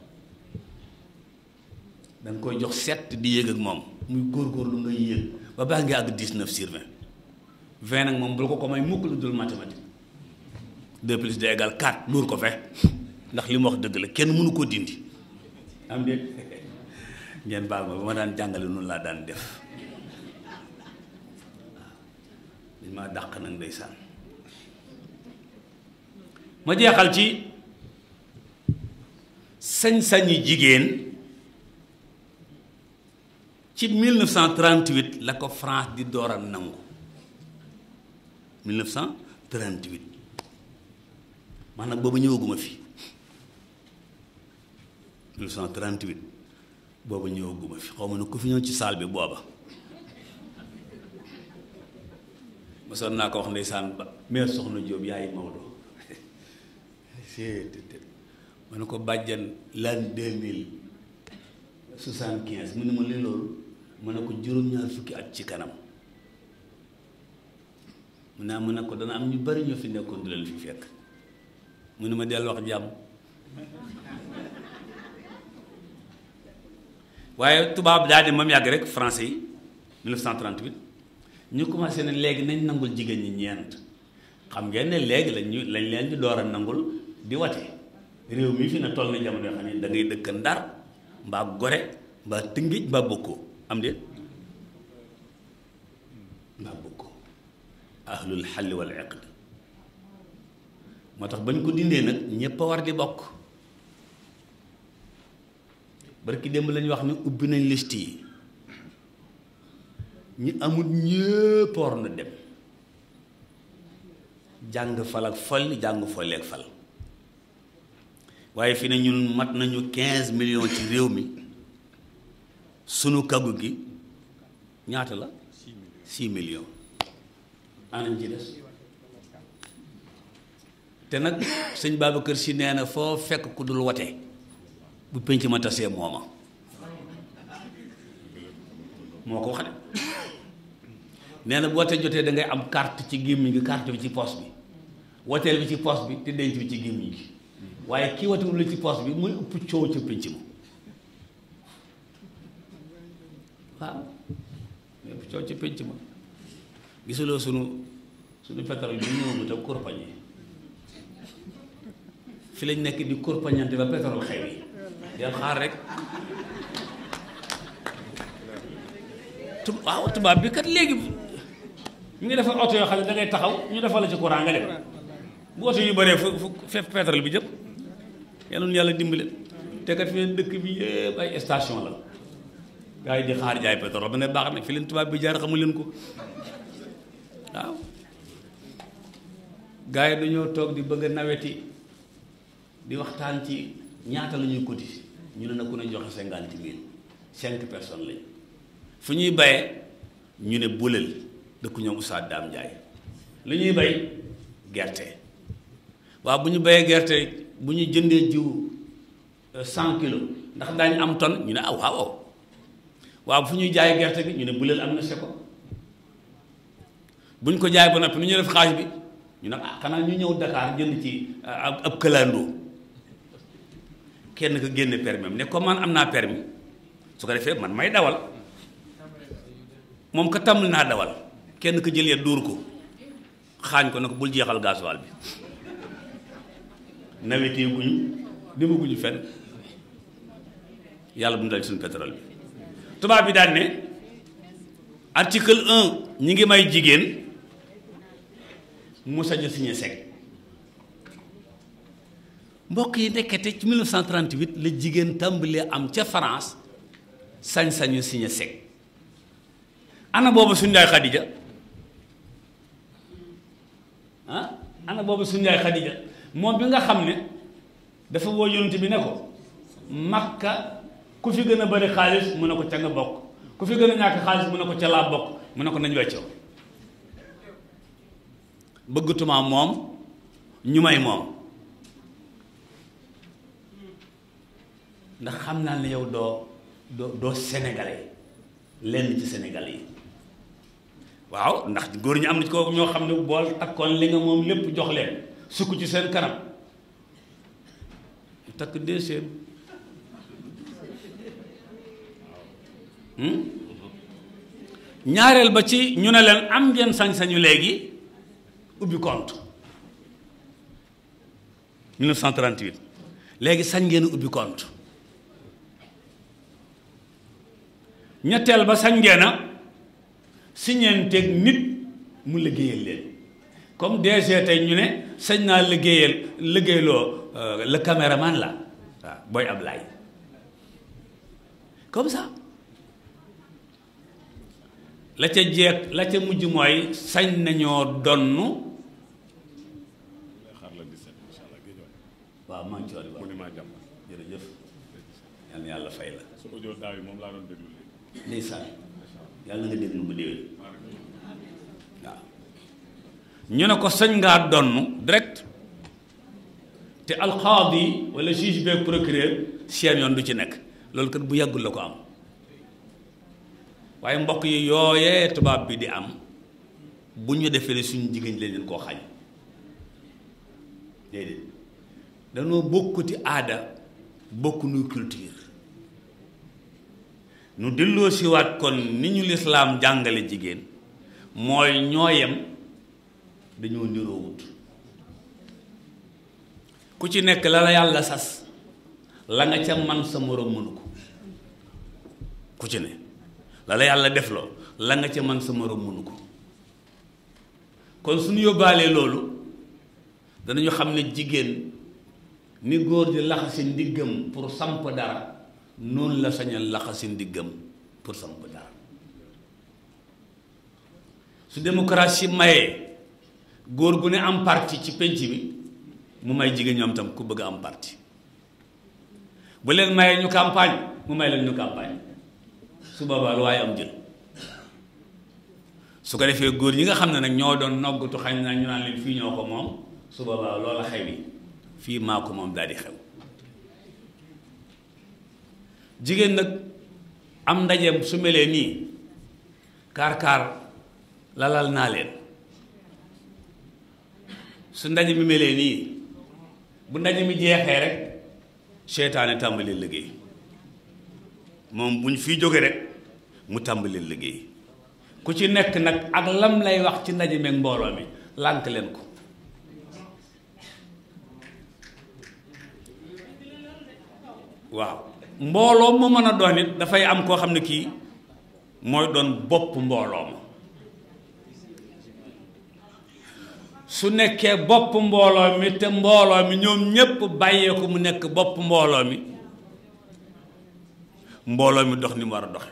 da koy jox 7 di yéeg ak moom muy góorgóorlu nga yéeg ba baax nga àgg 19 sur 20 nag moom bul ko ko may mukk lu dul mathématique 2 plus de égale 4 luur ko fe ndax li mu wax dëgg la kenn mënu koo dindi am déet ngeen baal ma ba ma daan jàngale noonu laa daan def dañ dàq nag ndeysaan ma jeexal ci sañ-sañi jigéen ci 1938 la ko France di door a nangu 1938 maanaam boobu ñëwaguma fi 1938 boobu ñëwaguma fi xaw ma ne ku fi ñëw ci saal bi booba ma mosoon naa ko wax ndeysaan ba meer soxna Jóob yaay Maodo ma ne ko bàjjan l'an deux mille soixante quinze mu ne ma leen loolu ma ne ko juróom-ñaar fukki at ci kanam mu naa ah, mun ne ko dana am ñu bari ñoo fi nekkoon du leen fi fekk mu ne ma dellu wax jàmm waaye tubaab daal ma moom yàgg rek français yi 1938. ñu commencé ne léegi nañ nangul jigéen ñi ñeent xam ngeen ne léegi lañ ñu lañ leen di door a nangul di wate réew mi fi ne toll na jamono yoo xam ne da ngay dëkk Ndar mbaa Gore mbaa Tëngéej mbaa Bokkoo am déet mbaa Bokkoo ahlul xalli wal iqd moo tax bañ ko dindee nag ñépp war di bokk barki démb lañ wax ne ubbi nañ list yi ñi amul ñëpp war na dem jàng fal ak fal jàng folleeg fal waaye fi ne ñun mat nañu quinze millions ci réew mi sunu kagu gi ñaata la six millions anam ci des te nag sëñ kër si nee na foo fekk ku dul wate bu penc ma tasee mooma moo ko wax de nee na bu wootee jotee da ngay am carte ci gémmiñ gi carte bi ci poos bi wooteel bi ci poos bi te denc bi ci gémmiñ gi waaye kii wootewul la ci poos bi muy ëpp coow ca pénc ma ma gisuloo sunu sunu pétrole bi ñëw mu tam kurpañe fi lañ nekk di kurpañante ba pétrole xew yi del xaar rek waaw tubaab bi kat léegi ñu ngi defar oto yoo xam ne da ngay taxaw ñu defal la ci courant nga dem bu oto yu bëree fu fu fépp pétrole bi jëm yal yàlla dimbale te kat fi leen dëkk bi yëpp ay station la gars yi di xaar jaay pétrole ba ne baax ne fi leen tubaab bi jaar xamu leen ko waaw. gars yi dañoo toog di bëgg a naweti di waxtaan ci ñaata la ñuy ñu ne nag ku ne joxe cinquante mille cinq personnes lañ fu ñuy bayee ñu ne bulal. dëkku ñoom Oustaz Dame Ndiaye lu ñuy bay gerte waaw bu ñu bayee gerte bu ñu jëndee jiw euh, cent kilo ndax daañu am ton ñu ne ah, aw waaw waaw fu ñuy jaay gerte gi ñu ne buleel am na seko bu ñu ko jaay ba noppi nu ñu def xaaj bi ñu ne ah xanaa ñu ñëw Dakar jënd ci euh, ab këlandoo kenn ko génne permis ne ko am naa permis su ko defee man may dawal moom ko tàmm naa dawal kenn ku jëlee yet dóor ko xaañ ko ne bul jeexal gasoil bi nawetee guñu demaguñu fenn yàlla bu mu dal suñu pétrole bi tubaab bi daan ne article un ñi ngi may jigéen Moussa Diagne Seck mbokk yi nekkete ci 1938 la jigéen tàmbalee am ca France sañ-sañu Signe Seck ana boobu suñ daay Xadija ana boobu suñu yaay Xadija moom bi nga xam ne dafa woo yonent bi ne ko makka ku fi gën a bëri xaalis mun ne ko ca nga bokk ku fi gën a ñàkk xaalis mu ne ko ca laa bokk mu ne ko nañ weccoo bëggatuma moom ñu may moom ndax xam naa ni yow doo doo doo sénégalais lenn ci sénégalais yi waaw ndax góor ñu am na ko ñoo xam ne bu bool ak kon li nga moom lépp jox leen sukk ci seen kanam takk déeseem hmm? ñaareel ba ci ñu ne leen am ngeen sañ-sañu léegi ubbi compte 1938 léegi sañ ngeen ubbi compte ñetteel ba sañ ngeen siñeenteeg nit mu liggéeyal leen comme DG tey ñu ne sañ naa liggéeyal liggéeyloo euh, le caméraman la waaw booy Ablaye comme ça la ca jeeg la ca mujj mooy sañ nañoo donn waaw maa ngi coori yàlla fay la ndeysaan yàlla na nga déglu ba déwén waaw ñu ne ko sañ ngaa donn direct te alxaadi wala juge beeg procureur seen yoon du ci nekk loolu kat bu yàggul la ko am waaye mbokk yi yooyee tubaab bi di am bu ñu defee suñu jigéen leen koo xañ déedéet danoo bokkuti aada bokkunu nuy culture nu delloo siwaat kon ni ñu lislaam jàngale jigéen mooy ñooyam dañoo niroo wut ku ci nekk la la yàlla sas la nga ca man sa moroom mënu ko ku ci ne la yàlla def la nga ca man sa moroom ko kon suñu yóbbaalee loolu danañu xam ne jigéen ni góor di laxasi ndiggam pour samp dara noonu la sañal laxasin diggam pour samp dara su démocratie mayee góor gu ne am parti ci penc bi mu may jigéen ñoom tam ku bëgg am parti bu leen mayee ñu campagne mu may leen ñu campagne su boobaa waaye am jël su ko defee góor ñi nga xam ne nag ñoo doon noggatu xañ na ñu naan leen fii ñoo ko moom su boobaa loola xew yi fii maa ko moom daal di xew jigéen nag am ndajeem su melee nii kaar-kaar lalal naa leen su ndaje mi melee nii bu ndaje mi jeexee rek seytaane tàmbali liggéey moom bu ñu fiy jóge rek mu tàmbali liggéey ku ci nekk nag ak lam lay wax ci ndaje meeg mbooloo mi lànk leen ko waaw mbooloo mu mën a doon it dafay am koo xam ne kii mooy doon bopp mbooloo ma su nekkee bopp mbooloo mi te mbooloo mi ñoom ñépp bàyyee ko mu nekk bopp mbooloo mi mbooloo mi dox ni mu war a dox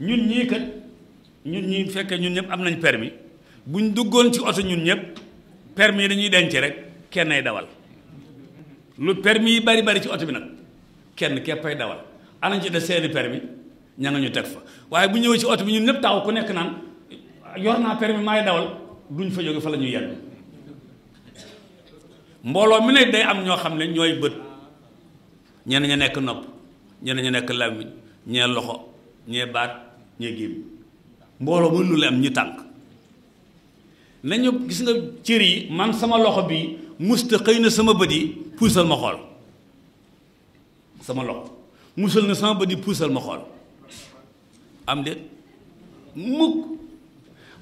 ñun ñii kat ñun ñii fekkee ñun ñëpp am nañ permis buñ duggoon ci oto ñun ñëpp permis dañuy denc rek kenn ay dawal lu permis yi bari bari ci oto bi nag kenn képpay dawal anañ ci de seeni permis ña nga ñu teg fa waaye bu ñëwee ci oto bi ñun ñëpp taw ku nekk naan yor naa permis maay dawal duñ fa jóge fa la ñuy mbooloo mi ne day am ñoo xam ne ñooy bët ñenn nekk nopp ñenn ña nekk làmmiñ ñee loxo ñee baat ñee gémmiñ ñu tànk nañu gis nga cër yi man sama loxo bii musta xëy na sama bët yi puusal ma sama loxo musal na sama bët yi puusal ma am déet mukk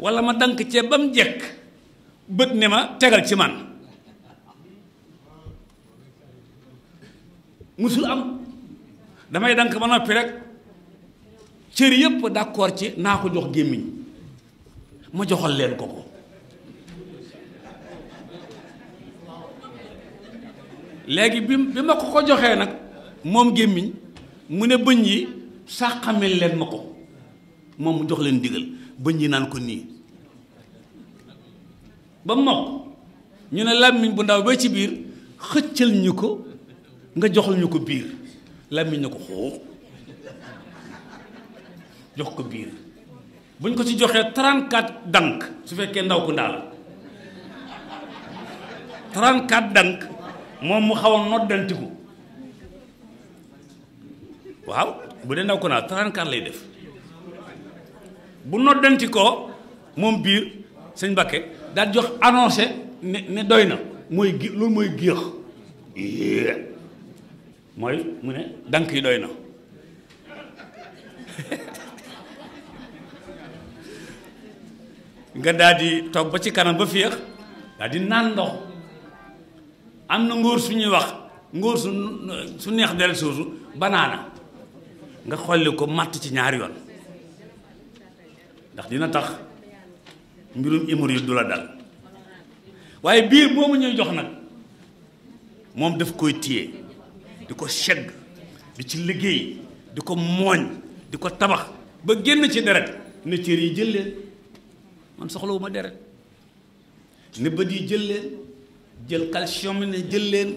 wala ma dank cee ba mu bët ne ma tegal ci man musul am damay dank ba noppi rek cër yépp d'accord ci naa ko jox gémmiñ ma joxal leen ko ko léegi bi bi ma ko ko joxee nag moom gémmiñ mu ne bëñ yi sàqamel leen ma ko moom mu jox leen digal bëñ yi naan ko nii ba mokk ñu ne làmmiñ bu ndaw ba ci biir xëccal ñu ko nga joxal ñu ko biir làmmiñ na ko xoo jox ko biir buñ ko ci joxee 34 dànk su fekkee ndaw ku ndaal 34 dank moom mu xaw a noddantiku waaw bu dee naw ko naa 34 lay def bu noddantikoo moom biir sëñ Bakke daal jox annoncé ne ne doy na mooy gi loolu mooy géex mooy mu ne dank yi doy na nga daal toog ba ci kanam ba féex daal di naan ndox am na ngóor su ñuy wax ngóor su neex del soosu banaana nga xolli ko matt ci ñaari yoon ndax dina tax mbirum imur yi du la dal waaye biir moomu ñuy jox nag moom daf koy tiye di ko segg di ci liggéey di ko mooñ di ko tabax ba génn ci deret ne yi jël leen man soxlawuma deret ne yi jël jël calcium ne jël leen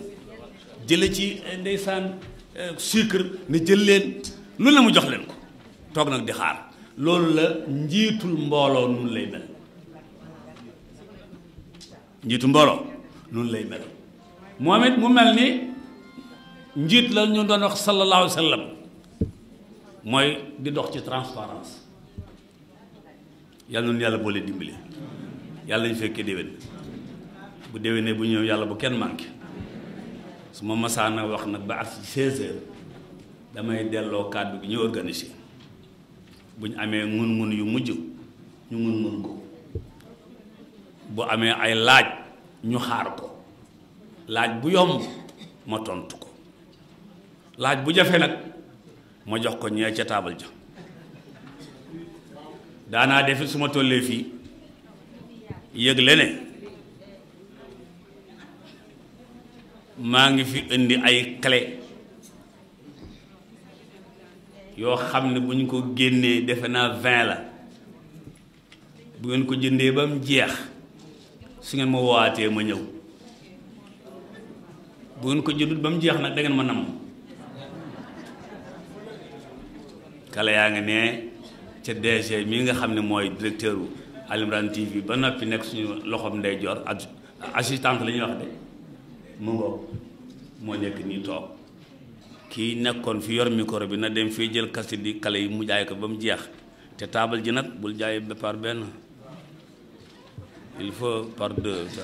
jële ci eh, ndeysaan eh, sucre ne jël leen lu la mu jox leen ko toog nag di xaar loolu la njiitul mbooloo nun lay mel njiitu mbooloo nun lay mel moom it mu mel ni njiit la ñu doon wax sallallahu alayhi wa mooy di dox ci transparence yàlla noonu yàlla boole dimbali yàlla ñu fekkee déwén bu déwénee bu ñëw yàlla bu kenn manqué su ma masaana wax nag ba agsi seize heures damay delloo kàddu gi ñu organisé bu ñu amee ngun-ngun yu mujj ñu ngun-ngun ko bu amee ay laaj ñu xaar ko laaj bu yomb ma tontu ko laaj bu jafe nag ma jox ko ñee ca taabal ja daanaa defi su ma tollee fii yëgle ne maa ngi fi indi ay clé yoo xam ne bu ñu ko génnee defe naa vingt la bu ngeen ko jëndee ba mu jeex su ngeen ma waatee ma ñëw bu ngeen ko jëndut ba mu jeex nag dangeen ma namm kale yaa ngi ne ca DG mii nga xam ne mooy directeur u Alimran TV ba noppi nekk suñu loxoom ndeyjoor assistante lañuy wax de mu ngoog moo nekk nii toog kii nekkoon fi yor micro bi na dem fii jël kasit di kale yi mu jaay ko ba mu jeex te taabal ji nag bul jaay ba par benn il faut par deux.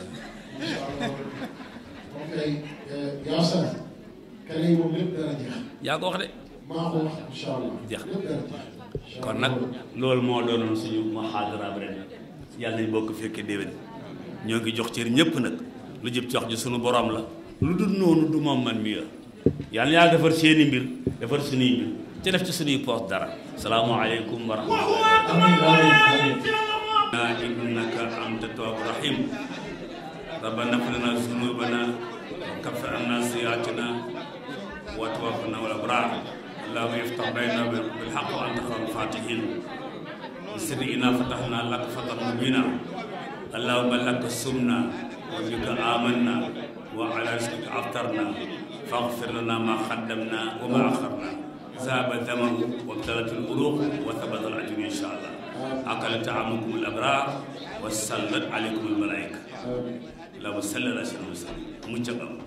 Euh, yaa ko wax de. jeex kon nag loolu moo doonoon suñu muhaadara bi ren yàlla nañ bokk fekkee déwén ñoo ngi jox cër ñëpp nag. lu jëm ci ji sunu borom la lu dul noonu du moom man mi la defar seeni mbir defar suñuy mbir te def ci suñuy poos dara salaamaaleykum wa rahmatulah innaka anta tawwaabu rahim rabbana ighfir lana zunubana wa kaffir anna sayyi'atina wa tawaffana wal abrar allahumma iftah baynana bil haqq wa anta khayrul fatihin bi sirrina fatahna laka fathan mubina allahumma laka sumna بقولك آمنا وعلى رسلك أفطرنا فاغفر لنا ما قدمنا وما أخرنا ذهب الذمم وابتلت القلوب وثبت الأجر إن شاء الله أكل طعامكم الأبرار وسلت عليكم الملائكة اللهم صل على سيدنا محمد